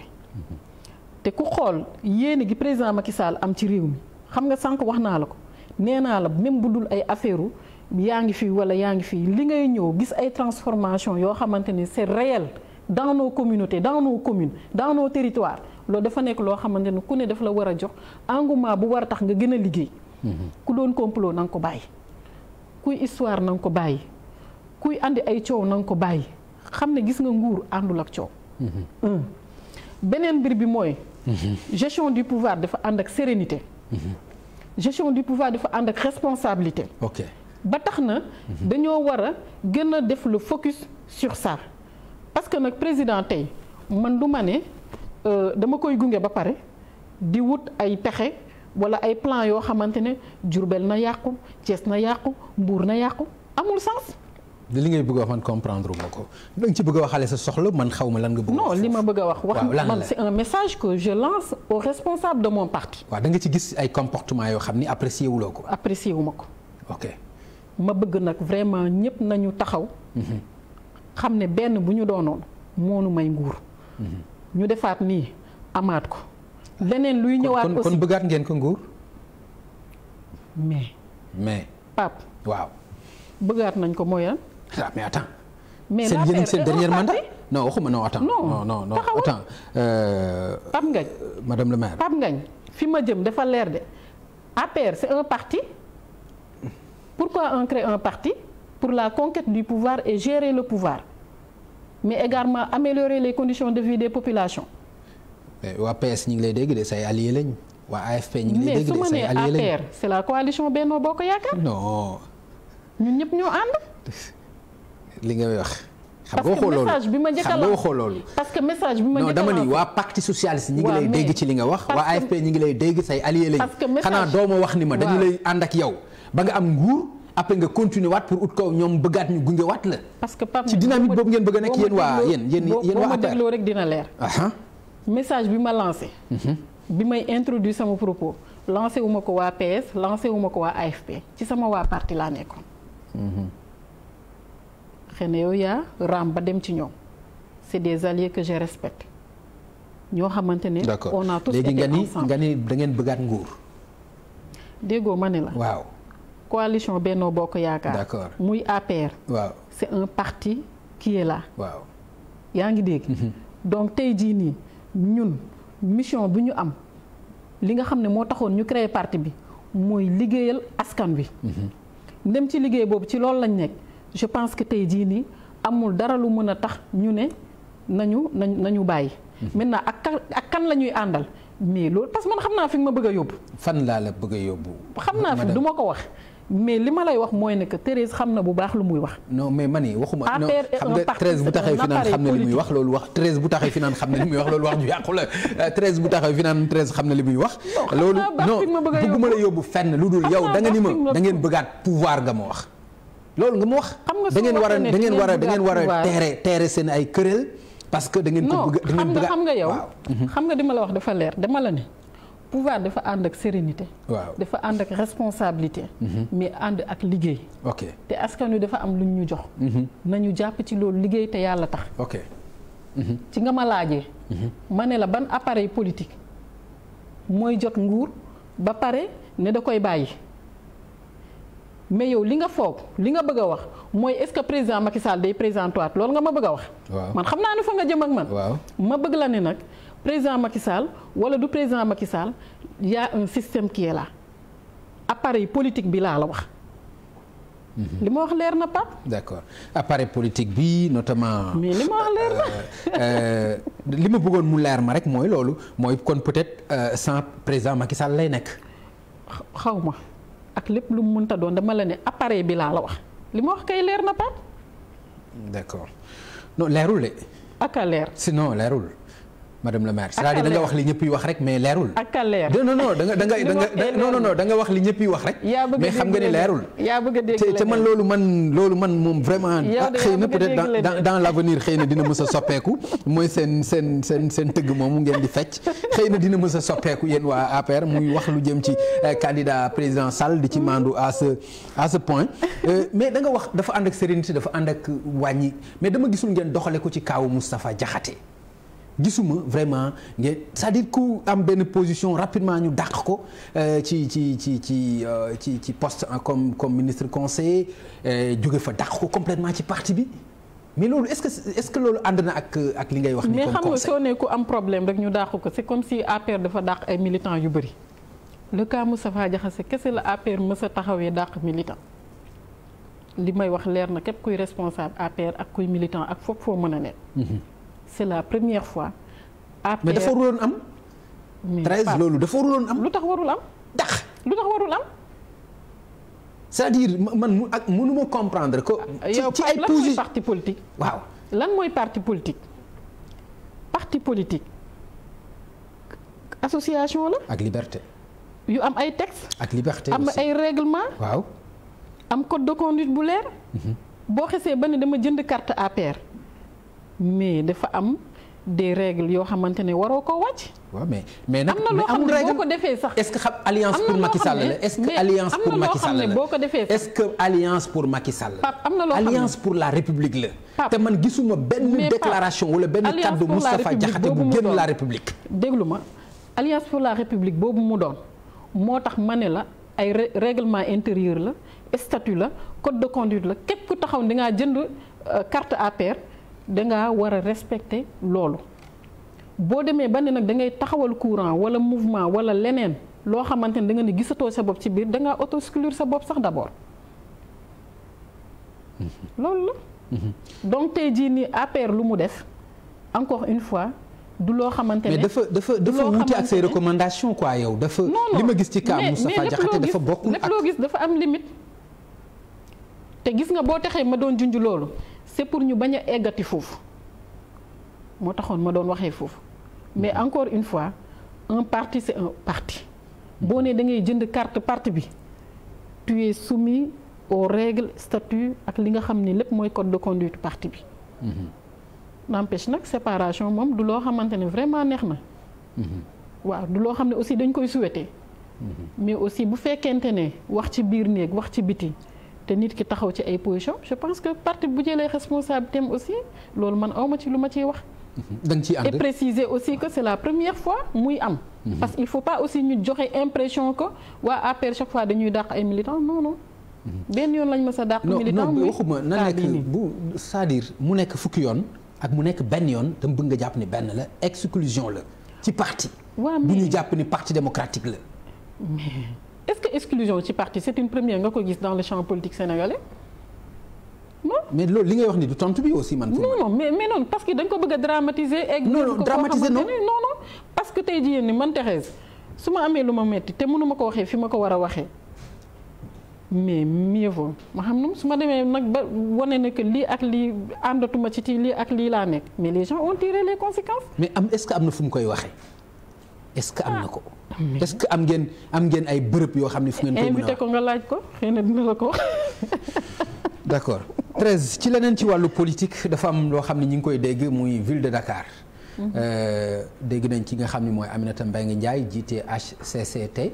ku xool yéene gi président Macky Sall am ci réew mi xam nga sànq wax naa la ko nee naa la même bu dul ay affaire yaa ngi fii wala yaa ngi fii li ngay ñëw gis ay transformation yoo xamante ne c'est réel daanoo nos communautés commune daanoo communes lool dafa nekk loo xamante ne ku ne daf la war a jox engouement bu war a tax nga gën a liggéey. Mhm. ku doon complot na ko bàyyi. kuy histoire na ko bàyyi kuy andi ay coow na ko bàyyi xam ne gis nga nguur àndul ak coow. Mhm. mbir bi mooy. gestion du pouvoir dafa ànd ak sérénité. gestion du pouvoir dafa ànd ak responsabilité. ok ba tax na. dañoo war a gën a def lu focus sur ça parce que nag président tey man du ma ne euh, dama koy gunge ba pare di wut ay pexe walla ay plan yoo xamante ne Jurbel na yàqu Cees na yàqu buur na yàqu amul sens. li ngay bëgg a wax man comprendre ko da nga ci bëgg a waxaale sa soxla man xaw ma lan nga bëgg non li ma bëgg a wax wax man c'est un message que je lance aux responsables de mon parti waaw da nga ci gis ay comportement yoo xam ni apprécié wuloo ko apprécié wu ma ko ok ma bëgg nag vraiment ñëpp nañu taxaw mhm. xam ne benn bu ñu doonoon moonu may nguur mhm. ñu defaat nii amaat ko leneen luy ñëwaat aussi kon bëggaat ngeen ko nguur mais mais Pape waaw bëggaat nañ ko mooy lan ah mais attends. mais seen yéen seen dernier mandat non waxuma non attends. non non non attends. Euh, Pape Ngagne euh, madame le maire Pape Ngagne fi ma jëm dafa leer de APR c'est un parti pourquoi on crée un parti pour la conquête du pouvoir et gérer le pouvoir mais également améliorer les conditions de vie des populations. mais waa PS ñu ngi lay dégg de say alliés lañ. waa AFP ñu ngi lay dégg de say alliés lañ mais su ma nee APR c'est la coalition Benno Bokk Yaakaar. non. ñun ñëpp ñoo ànd. <laughs> li nga wax. xam nga waxoo loolu xam nga waxoo loolu. parce que message bi ma njëkk a dama ni waa parti socialiste ñi ngi lay dégg ci li nga wax. waa AFP ñi ngi lay dégg say allié lañu. xanaa doo ma wax ni ma dañu lay ànd ak yow. ba nga am nguur après nga continuer waat pour ut kaw ñoom bëggaat ñu gunge waat la. parce que Pape ci dynamique boobu ngeen bëgg a nekk yéen waa yéen yéen yéen waa. boo ma message bi ma lancé. Mhm. bi may introduire sama propos lancé wu ma ko waa PS lancé wu ma ko waa AFP ci sama waa parti laa nekkoon mhm. xëy na yow yaa raam ba dem ci ñoom c'est des alliés que je respecte ñoo xamante ne. d'accord on a tous léegi nga ni nga ni da ngeen bëggaat nguur. déggoo ma ne la. waaw. coalition Benno Bokk Yaakaar. d'accord muy APR. waaw c'est un parti qui la là. yaa ngi dégg. Mhm. donc tey jii nii ñun mission bi ñu am li nga xam ne moo taxoon ñu créer parti bi mooy liggéeyal askan wi. Mhm. dem ci liggéey boobu ci loolu lañ nekk. je pense que tey jii nii amul dara lu mën a tax ñu ne nañu nañu nañu bàyyi. Mhm. maintenant ak kan ak kan la ñuy àndal mais loolu parce man xam naa fi nga ma bëgg yóbbu. fan laa la bëgg a yóbbu. xam naa fi du ma ko wax. mais li ma lay wax mooy ne que xam na bu baax lu muy wax. non mais mani waxuma. affaire xam nga Thérèse bu taxee fi naan xam wax loolu wax Thérèse bu taxee fi xam na li muy wax loolu wax ju bu taxee fi naan Thérèse xam na li muy wax. loolu non bëgguma la yóbbu fenn lu dul yow da nga ni ma da bëggaat pouvoir nga ma wax. loolu nga mu wax. da ngeen war a da ngeen war a da ngeen war a teere teere seen ay këréel parce que da ngeen ko bëgg da ngeen xam nga yow xam nga dima mhm. la wax dafa leer dama la ne pouvoir dafa ànd ak sérénité. waaw dafa ànd ak responsabilité. Mhm. mais ànd ak liggéey. ok te askan wi dafa am lu ñu jox. Mhm. nañu jàpp ci loolu liggéey te yàlla tax. ok ci nga ma laajee. ma ne la ban appareil politique mooy jot nguur ba pare ne da koy bàyyi. mais yow li nga foog li nga bëgg a wax mooy est-ce que président Macky Sall day présenté waat loolu nga ma bëgg a wax. man xam naa ne fa nga jëm ak man. ma bëgg la ne nag président Macky Sall wala du président Macky Sall y un système qui est là appareil politique bi laa la wax. Mhm. li ma wax leer na Pape. d'accord appareil politique bi notamment. mais li ma wax leer euh, euh, bëggoon mu leer ma rek mooy loolu mooy kon peut-être euh, sant président Macky Sall lay nekk. xaw ma. ak lépp lu mu mënta doon dama la ne appareil bi laa la wax li ma wax kay leer na Pape. d'accord non leerul de. ak a leer sinon leerul. madame le maire c'est-à-dire da wax li ñëpp yi wax rek mais leerul. ak kan leer non non da nga da nga da nga non non ñëpp yi wax rek. mais xam nga ni leerul. yaa bëgg a te man loolu man loolu man moom vraiment. Ah, xëy na peut-être dans dans l'avenir xëy na dina a soppeeku. mooy seen seen seen seen tëgg ngeen di fecc xëy na dina mës a soppeeku yéen waa APR muy wax lu jëm ci eh, candidat président Sall di ci mandu à ce à ce point. Euh, mais danga wax dafa ànd ak sérénité dafa ànd ak wàññi mais dama gisul ngeen doxale ko ci kaaw Moustapha Diakhaté gisuma vraiment ngeen cest à ku am benn position rapidement ñu dàq ko euh, ci ci ci ci euh, ci ci poste comme comme ministre conseiller euh, jóge fa dàq ko complètement ci parti bi mais loolu est-ce que est-ce que loolu ànd na ak ak li ngay wax. ni mais am problème rek ñu dàq ko c'est comme si APR dafa dàq ay militants yu bëri. le cas Moustapha Diakhaté kese la APR mës a taxawee dàq militant li may wax leer na képp kuy responsable APR ak kuy militant ak foofu foo mën a nekk. Mhm. c'est la première fois. APR mais dafa waruloon am. mais 13 loolu dafa waruloon am. lu tax warul am. tax lu tax warul am. c'est-à-dire man mu ak mënuma comprendre que. Ah, ci ay lan mooy parti politique. waaw lan mooy parti politique. parti politique. association la. ak liberté. yu am ay text ak liberté am ay règlement waaw. am code de conduite bu leer. Mhm. boo xesee ba ne dama jënd carte APR. mais dafa am des règles yoo xamante ne waroo ko wàcc. waaw mais mais nag am na loo xam ne boo ko defee sax. est-ce que xam alliance pour Macky Sall la est-ce que alliance pour Macky Sall la boo ko defee sax est-ce que alliance pour Macky Sall la. am na loo xam ne alliance pour la République la. te man gisuma benn déclaration wala benn kaddu Moustapha Diakhaté bu génn la République. déglu ma alliance pour la République boobu mu doon moo tax ma ne la ay règlement intérieur la statut la code de conduite la képp ku taxaw di ngaa jënd euh, carte APR. dangaa war a respecter loolu boo demee ba ne nag da ngay taxawal courant wala mouvement wala leneen loo xamante ne danga ne gisatoo sa bopp ci biir dangaa autoexclure sa bopp sax d'abord mm-hmm. loolu la mm-hmm. donc tey jii ni APR lu mu def encore une fois du loo xamante ne mais dafa dafa dafa wuute ak say recommandations quoi yow. dafa li ma gis ci cas Moustapha Diakhaté dafa bokkul ak lépp loo gis dafa am limite. te gis nga boo taxee ma doon junj loolu c'est pour ñu bañ a eggati foofu moo taxoon ma doon waxee foofu mais mm-hmm. encore une fois un parti c'est un parti boo nee da ngay jënd carte parti bi tu es soumis aux règles ak li nga xam ne lépp mooy code de conduite parti bi mm-hmm. n'empêche nag séparation moom du loo xamante ne vraiment neex na mm-hmm. waaw du loo xam ne aussi dañ koy souhaiter mais aussi bu fekkente ne wax ci biir néeg wax ci biti te nit ki taxaw ci ay position je pense que parti bu jëlee responsabilité am aussi loolu man awma ci lu ma ciy wax. Mhm. danga nga ciy ànd et préciser aussi que c'est la première fois muy am. Mhm. parce que il faut pas aussi ñu joxe impression ko waa APR chaque fois dañuy dàq ay militants non non. Mhm. benn yoon lañ ma sa dàq. militant muy waxuma na nekk bu c'est-à-dire mu nekk fukki yoon ak mu nekk benn yoon dama bëgg nga jàpp ni benn la exclusion la ci parti. waaw bu ñu jàpp ni parti démocratique la. est-ce que exclusion ci parti c'est une première nga ko gis dans le champ politique sénégalais. non mais loolu li ngay wax ni du tontu bi aussi man. non non mais mais non parce que ko bëgg a dramatiser. egg non non dramatiser non non parce que tey jii yéen ni man Thérèse su ma amee lu ma metti te mënu ma ko waxee fi ma ko war a waxee mais mieux vaut ma xam ne su ma demee nag ba wane ne que lii ak lii àndatuma ci lii ak lii laa nekk mais les gens ont tiré les conséquences. mais am est-ce que am na fu mu koy waxee. est-ce que am na ah. ko. est-ce que am ngeen am ngeen ay bërëb yoo xam ne fu ngeen a invité ko nga laaj <laughs> ci leneen ci wàllu politique dafa am loo xam ne ñu ngi koy dégg muy ville de Dakar. Mhm. Euh, dégg nañ ci nga xam ni mooy Aminata Mbengue Ndiaye jiite HCCT. Mhm.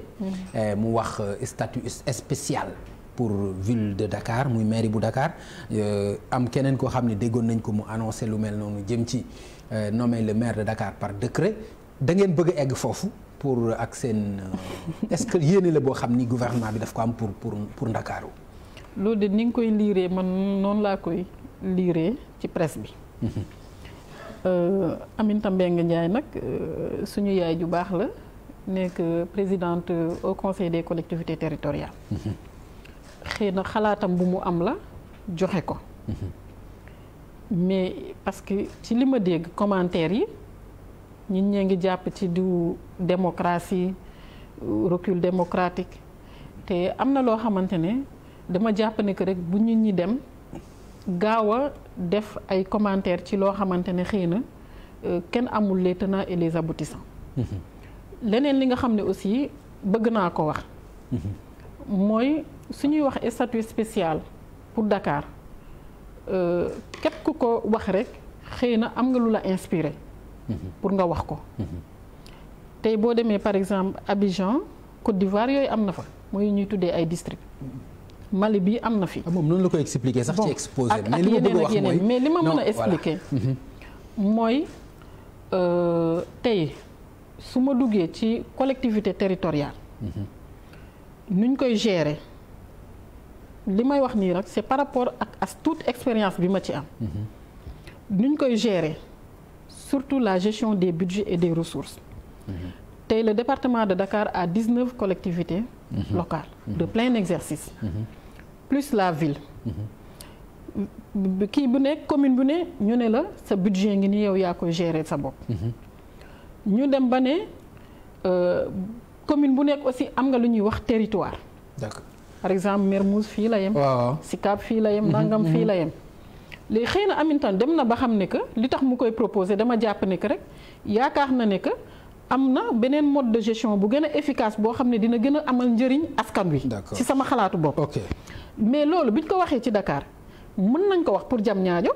Euh, mu wax euh, statut spécial pour ville de Dakar muy mairie bu Dakar am keneen koo xam ne déggoon nañ ko mu annoncé lu mel noonu jëm ci nommer le maire de Dakar par décret da ngeen bëgg egg foofu pour euh, ak seen euh, est-ce que yéene la boo xam ni gouvernement bi daf ko am pour pour pour Ndakaaru. loolu de ni nga koy liiree man noonu laa koy liiree ci presse bi. Mhm. Euh, Aminata Mbengue Ndiaye nag suñu yaay ju baax la nekk présidente au conseil des collectivités territoriales. Mhm. xëy na xalaatam bu mu am la joxe ko. Mhm. mais parce que ci li ma dégg commentaire yi. ñun ñoo ngi jàpp ci diw démocratie recul démocratique te am na loo xamante ne dama jàpp ne que rek bu ñun ñi dem gaaw a def ay commentaire ci loo xamante ne xëy na euh, kenn amul les tenants et les aboutissants mhm. leneen li nga xam ne aussi bëgg naa ko wax mhm. mooy su ñuy wax statut spécial pour Dakar euh, képp ku ko wax rek xëy na am nga lu la inspiré pour nga wax ko tey boo demee par exemple Abidjan Côte d'Ivoire yooyu am na fa mooy ñuy tuddee ay district Mali bi am na fi. Ah, moom noonu la ko expliquer sax ci exposé. ak ak yeneen ak yeneen mais li ma mën a expliquer. Mhm. mooy euh, tey su ma duggee ci collectivité territoriale. Mhm. nuñ koy gérer li may wax nii rek c'est par rapport ak as toute expérience bi ma ci am. Mhm. nuñ koy gérer. surtout la gestion des budgets et des ressources. tey le département de Dakar a 19 collectivités mhm. locales de mhm. plein exercice mhm. plus la ville kii bu nekk commune bu ne ñu ne la sa budget ngi ni yow yaa koy gérer sa bopp ñu dem ba ne euh, commune bu nekk aussi am nga lu ñuy wax territoire par exemple Mermoz fii la yem Sicap fii la yem Nangam fii la yem léegi xëy na Amintan dem na ba xam ne que li tax mu koy proposé dama jàpp ne que rek yaakaar na ne que am na beneen mode de gestion bu gën a efficace boo xam ne dina gën a amal njëriñ askan wi. ci sama xalaatu bopp. mais loolu bi ñu ko waxee ci dakaar mën nañ ko wax pour jam ñaajo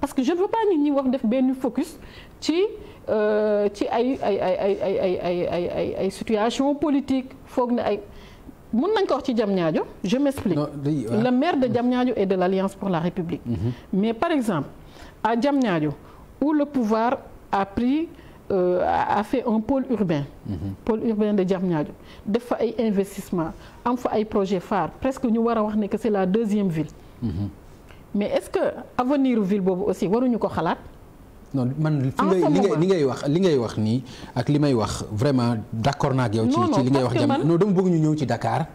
parce que je ne veux ñi wax def benn focus ci euh, ci ay ay ay ay ay ay ay ay ay situation politique foog ne ay. mun nañ ko wax ci jam ñaajo je m'explique le maire de jam Diamniadio et de l'Alliance pour la République mm-hmm. mais par exemple à jam Diamniadio où le pouvoir à pris Euh, a fait un pôle urbain mm -hmm. pôle urbain de Diamniadio def fa ay investissement am fa ay projet phare presque ñu war a wax ne que c'est la deuxième ville mm-hmm. mais est-ce que avenir ville boobu aussi waruñu ko xalaat non man fi ah, ngay li ngay li ngay wax li ngay wax nii ak li may wax vraiment d'accord naa ak yow. ci ci li ngay wax jàmm non dama bëgg ñu ñëw ci dakaar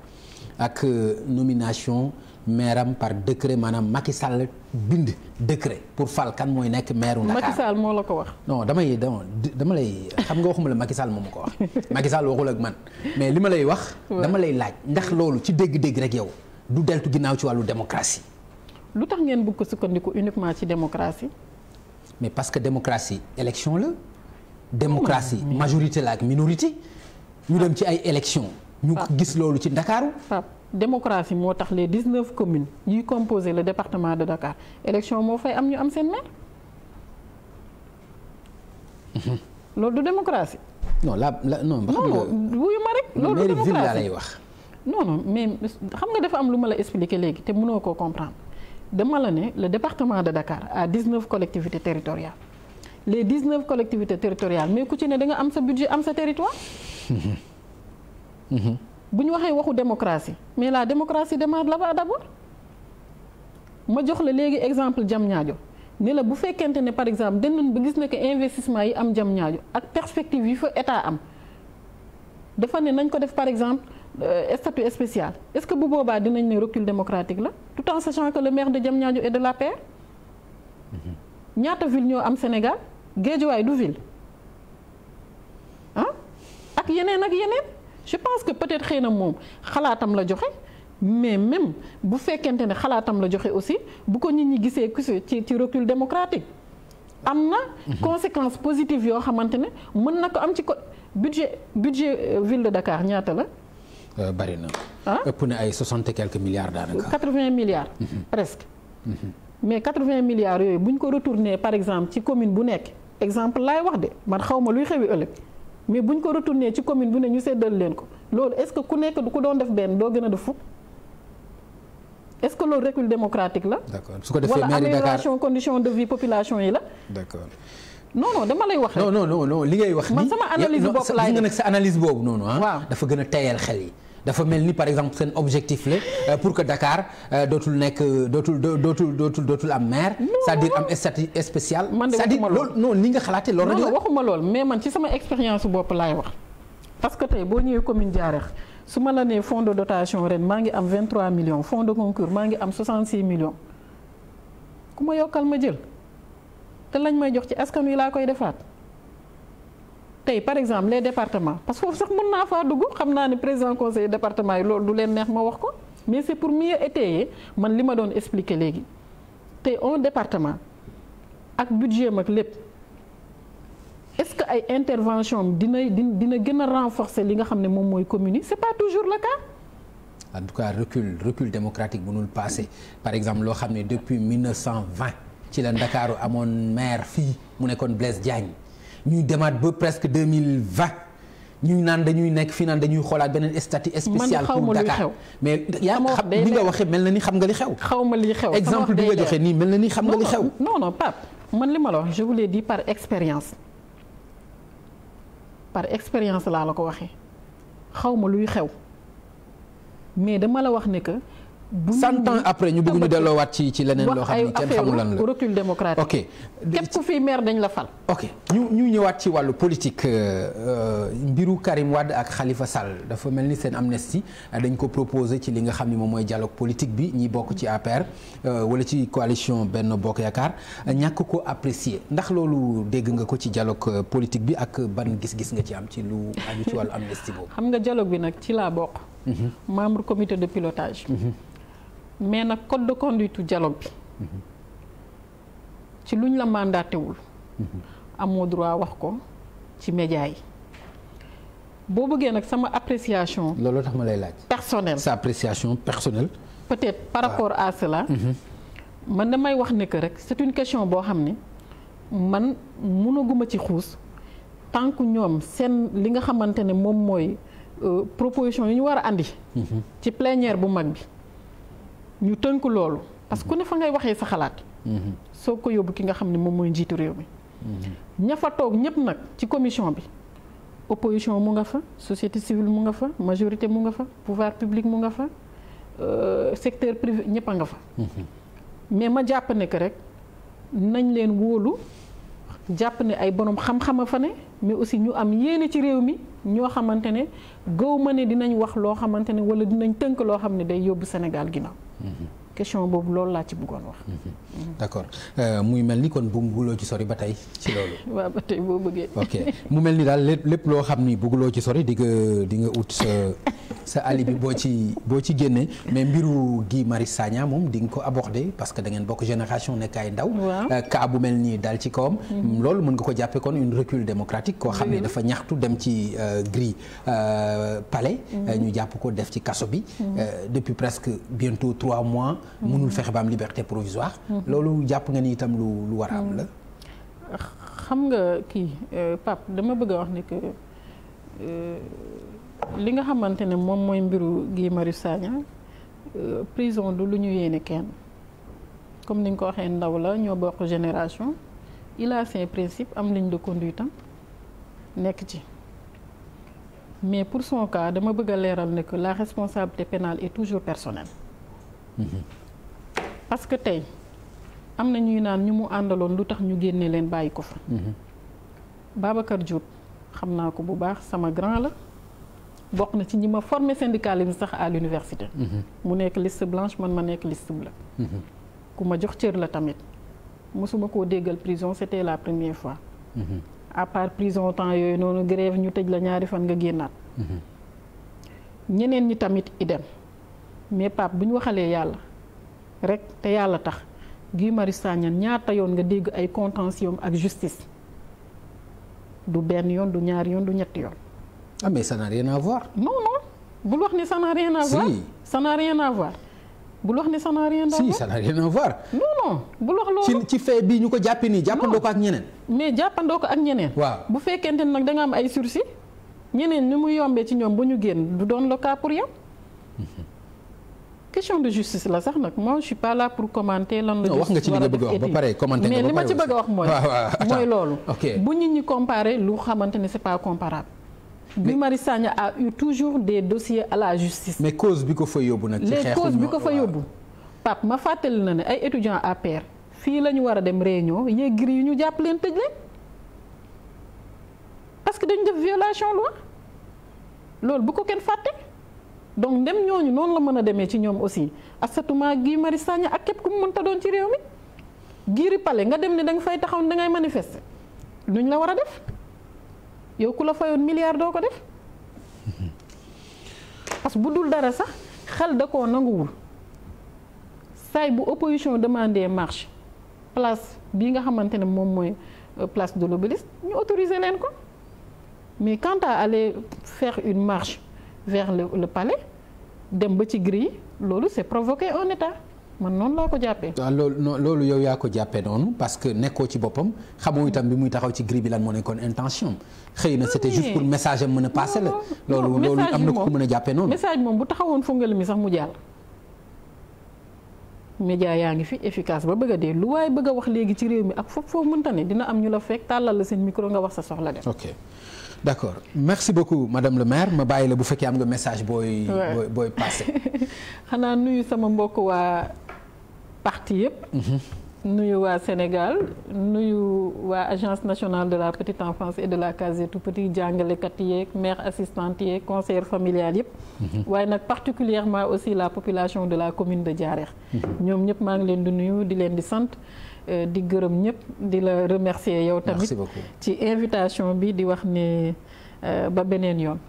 ak euh, nomination maire am par décret maanaam Macky Sall bind décret pour fal mooy nekk maire Dakar Macky moo la ko wax. non damay dama dama lay xam nga waxuma la Macky Sall moo ma ko wax <laughs> Macky Sall waxul ak man mais li ma lay wax. dama lay laaj ndax loolu ci dégg-dégg rek yow du deltu ginnaaw ci wàllu démocratie. lu tax ngeen bëgg ko sukkandiku uniquement ci démocratie. mais parce que démocratie élection la démocratie mmh. majorité la ak minorité ñu dem ci ay élection ñu gis loolu ci Ndakaaru démocratie moo tax les dix neuf communes yuy composé le département de Dakar élection moo fay am ñu am seen maire mmh. loolu du démocratie non la la non. non non wuyu ma rek. loolu du démocratie lay wax. non non mais xam nga dafa am lu ma la expliquer léegi te mënoo koo comprendre. dama la ne le département de Dakar a 19 collectivités territoriales les 19 collectivités territoriales mais ku ci ne da am sa budget am sa territoire. Mhm. bu ñu waxee waxu démocratie mais la démocratie démarre là-bas d'abord ma jox la léegi exemple jam Diamniadio ne la bu fekkente ne par exemple danañ ba gis ne que investissement yi am Diamniadio ak perspective yi fa état am dafa ne nañ ko def par exemple. Euh, statut spécial est ce que bu boobaa dinañ ne recul démocratique la tout en sachant que le maire de Diamniadio est de l'APR mm-hmm. ñaata ville ñoo am Sénégal Guédiawaye du ville ah ak yeneen ak yeneen je pense que peut être xëy na moom xalaatam la joxe mais même bu fekkente ne xalaatam la joxe aussi bu ko nit ñi gisee ci ci recul démocratique am na mm-hmm. conséquence positive yoo xamante ne mën na ko am ci ko budget budget euh, ville de Dakar ñaata la Euh, bari na. Ah? ëpp na ay soixante et quelques milliards daanaka. quatre vingt milliards. Mm-hmm. Mm-hmm. presque. Mm-hmm. mais quatre vingt milliards yooyu bu ñu ko retourné par exemple ci commune bu nekk exemple laay wax de man xaw ma luy xewi ëllëg mais bu ñu ko retourné ci commune bu ne ñu séddal leen ko loolu est-ce que ku nekk du ko doon def benn doo gën a def fukk est-ce que loolu recul démocratique la. d'accord su ko defee mairie Dakar wala amélioration condition de vie population yi la. d'accord. non non dama lay wax rek. non non non li ngay boobu noonu ah. waaw gën a tayal xel yi. dafa mel ni par exemple seen objectif la euh, pour que Dakar euh, dootul nekk dootul dootul dootul dootul am maire. sa à am statut spécial. man de waxuma loolu non ni nga xalaatee. loolu non waxuma lool mais man ci sama expérience bopp laay wax. parce que tey boo ñëwee commune Diarekh su ma la nee fonds de dotation ren maa ngi am 23 million fonds de concours maa ngi am 66 millions ku ma yokkal ma jël te lañ may jox ci askan wi laa koy defaat. tey par exemple les département parce que sax mën naa faa dugg xam naa ne président conseil département yi loolu du leen neex ma wax ko mais c'est pour mieux étayer man li ma doon expliquer léegi tey un département ak budget mag lépp est-ce que ay intervention dina dina gën a renforcer li nga xam ne moom mooy commune yi c'est pas toujours le cas. en tout cas recul recul nu mënul passé par exemple loo xam ne depuis 1920 ci la Ndakaaru amoon maire fii mu nekkoon Blaise Diagne. ñuy demaat ba presque deux mille vingt ñu naan dañuy nekk fii naan dañuy xoolaat beneen statut spécial pour Dakar mais yaa xam li nga waxee mel na ni xam nga li xew. xaw ma li xew exemple bi nga joxe nii mel na ni xam nga li xew. non non Pape man li ma la wax je di l'ai dit par expérience par expérience laa la ko waxee xaw ma luy xew mais dama la wax ne que. cent ans après ñu bëgg ñu delloowaat ci ci leneen loo xam ni kenn lan la recul démocratique ok képp ku fi la fal ok ñu ñu ñëwaat ci wàllu politique euh, euh, mbiru Karim Wade ak Khalifa Sall dafa mel ni seen amnistie euh, dañ ko proposé ci li nga xam ni moom mooy dialogue politique bi ñi bokk ci APR wala ci coalition Benno Bokk Yaakaar ñàkk ko apprécier ndax loolu dégg nga ko ci dialogue politique bi ak ban gis-gis nga ci am ci lu aju ci wàllu amnistie boobu <laughs> xam nga dialogue bi nag ci laa bokk mhm. membre comité de pilotage mhm. mais nag code de conduite dialogue bi ci luñ la mandatewul mhm. amoo droit wax ko ci média yi boo bëggee nag sama appréciation. loolu tax ma lay laaj. personnelle sa appréciation personnelle. peut-être par rapport ah. à cela. Mhm. man damay wax ne que rek c'est une question boo xam ne man mënaguma ci xuus tant que ñoom seen li nga xamante ne moom mooy euh, proposition yi ñu war a andi. Mhm. ci plénière bu mag bi. ñu tënk loolu parce que ku ne fa ngay waxee sa xalaat. Mhm. soo ko yóbbu ki nga xam ne moom mooy njiitu réew mi. Mhm. ña fa toog ñëpp nag ci commission bi opposition mu nga fa société civile mu nga fa majorité mu nga fa pouvoir public mu nga fa euh, secteur privé ñëpp a nga fa. Mhm. mais ma jàpp ne que rek nañ leen wóolu jàpp ne ay borom xam-xama fa ne mais aussi ñu am yéene ci réew mi ñoo xamante ne gow ma ne dinañ wax loo xamante ne wala dinañ tënk loo xam ne day yóbbu Sénégal ginnaaw. question boobu loolu laa ci bëggoon wax. Mm-hmm. d' accord euh, muy mel ni kon bu bugguloo ci sori ba tey ci loolu. <laughs> waaw ba tey boo bëggee. ok mu mel ni daal lépp lépp loo xam ni bugguloo ci sori di nga di nga ut sa sa alibi boo ci boo ci génnee mais mbiru Guy Marius Sagna moom di nga ko aborder parce que dangeen bokk génération nekk ay ndaw. Euh, cas bu mel nii daal ci kawam. Mhm. loolu mën nga ko jàppee kon une recul démocratique. koo xam ne dafa ñaxtu dem ci euh, gris palais. Mhm. ñu jàpp ko def ci kaso bi. Mhm. depuis presque bientôt trois mois. mënul fexe ba loolu jàpp nga ni itam lu war a am la. xam nga kii euh, Pape dama bëgg a wax ne que euh, li nga xamante ne moom mooy mbiru Guy Marius Sagna euh, prison du lu ñu yéene kenn comme ni ko waxee ndaw la ñoo bokk génération il a ses principes am ligne de conduite am nekk ci mais pour son cas dama bëgg a leeral ne que la responsabilité pénale et toujours personnelle. Mmh. parce que tey. am na ñuy naan ñu mu àndaloon lu tax ñu génnee leen bàyyi ko fa. Mhm. Babacar Diop xam naa ko bu baax sama grand la bokk na ci ñi ma formé syndicalisme sax à l'université. Mhm. mu nekk liste blanche man ma nekk liste bleue. Mhm. ku ma jox cër la tamit mosuma koo déggal prison c'était la première fois. à part prison temps yooyu noonu grève ñu tëj la ñaari fan nga génnaat. ñeneen ñi tamit idem mais Pape bu ñu waxalee yàlla rek te yàlla tax. Guy Marius Sagna ñaata yoon nga dégg ay contention ak justice du benn yoon du ñaari yoon du ñetti yoon. ah mais ça n'a rien bul wax ne ça n'a rien à voir. bul wax ne ça n'a rien à voir si ça n'a rien à bul wax loolu. ci fee bii ñu ko jàppee nii jàppandoo ko ak ñeneen. mais jàppandoo ko ak ñeneen. waaw bu fekkente ne nag danga am ay sursis ñeneen ni mu yombee ci ñoom bu ñu génn du doon le cas question de justice la sax nag moi je suis pas là pour commenter lan la. wax nga ci li a wax ba pare commenter mais li ma ci bëgg a wax mooy. <laughs> mooy loolu. bu nit ñi comparer lu xamante ne c'est pas comparable. Guy Marius Sagna a eu toujours des dossiers à la justice. mais cause bi ko fa yóbbu nag. ci xeexu les causes bi ko fa yóbbu. Pape ma fàttali na ne ay étudiants APR fii la ñu war a dem réunion yeegri yu ñu jàpp leen tëj leen parce que dañu def violation loi loolu bu ko kenn fàtte. donc ndem ñooñu noonu la mën a demee ci ñoom aussi asatuma Guy Marius Sagna ak képp ku mu mënta doon ci réew mi giiri pale nga dem ne da nga fay taxaw ne da ngay manifester la war a def yow ku la fayoon milliard doo ko def <laughs> parce que bu dul dara sax xel da koo nanguwul saay bu opposition demandé marche place bii nga xamante ne moom mooy euh, place de l'Obélisque ñu autoriser leen ko mais quant à aller une marche vers la le palais dem ba ci gris loolu c'est provoquer un état man noonu laa ko jàppee. waaw ah, loolu non loolu yow yaa ko jàppee noonu parce que nekkoo ci boppam xamoo itam bi muy taxaw ci gris bi lan moo nekkoon intention xëy na ah c'était juste pour message am mën a passé la. loolu loolu am na ko mën a jàppee noonu. message moom bu taxawoon fungal mi sax mu jàll. média yaa ngi fi efficace ba bëgg dee lu waaye bëgg wax léegi ci réew mi ak foofu foo mënta ne dina am ñu la fekk tàllal la seen micro nga wax sa soxla dem. d' accord merci beaucoup madame le maire ma bàyyi la bu fekkee am nga message booy. booy booy <laughs> xanaa nuyu sama mbokk waa parti yëpp. Mhm. nuyu waa Sénégal nuyu waa agence nationale de la petite enfance et de la case des tout-petits jàngalekat yeeg mère assistante yeeg conseillère familiale yëpp. Mhm. waaye nag particulièrement aussi la population de la commune de Diarère. Mhm. ñoom ñëpp maa ngi leen di nuyu di leen di sant. Euh, di gërëm ñëpp di la remercier yow tamit ci invitation bi di wax ni euh, ba beneen yoon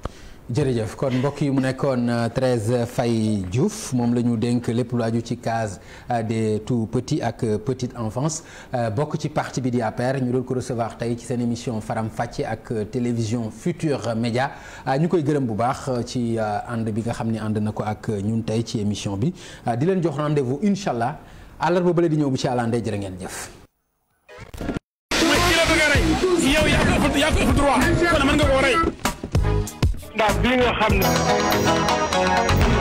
jërëjëf kon mbokk yi mu nekkoon euh, Thérèse fay Diouf moom la ñu dénk lépp lu aju ci case de tout petits ak petite enfance bokk ci parti bi di APR ñu doon ko recevoir tey ci seen émission Faram Facce ak télévision Futurs Médias ñu koy gërëm bu baax ci ànd bi nga xam ni ànd na ko ak ñun tey ci émission bi di leen jox rendez-vous incha allah àllarba bële di ñëw bu ci àllandee jërë ngeen jëf. yow yaa ko ëpp yaa droit kon mën nga koo rey. ndax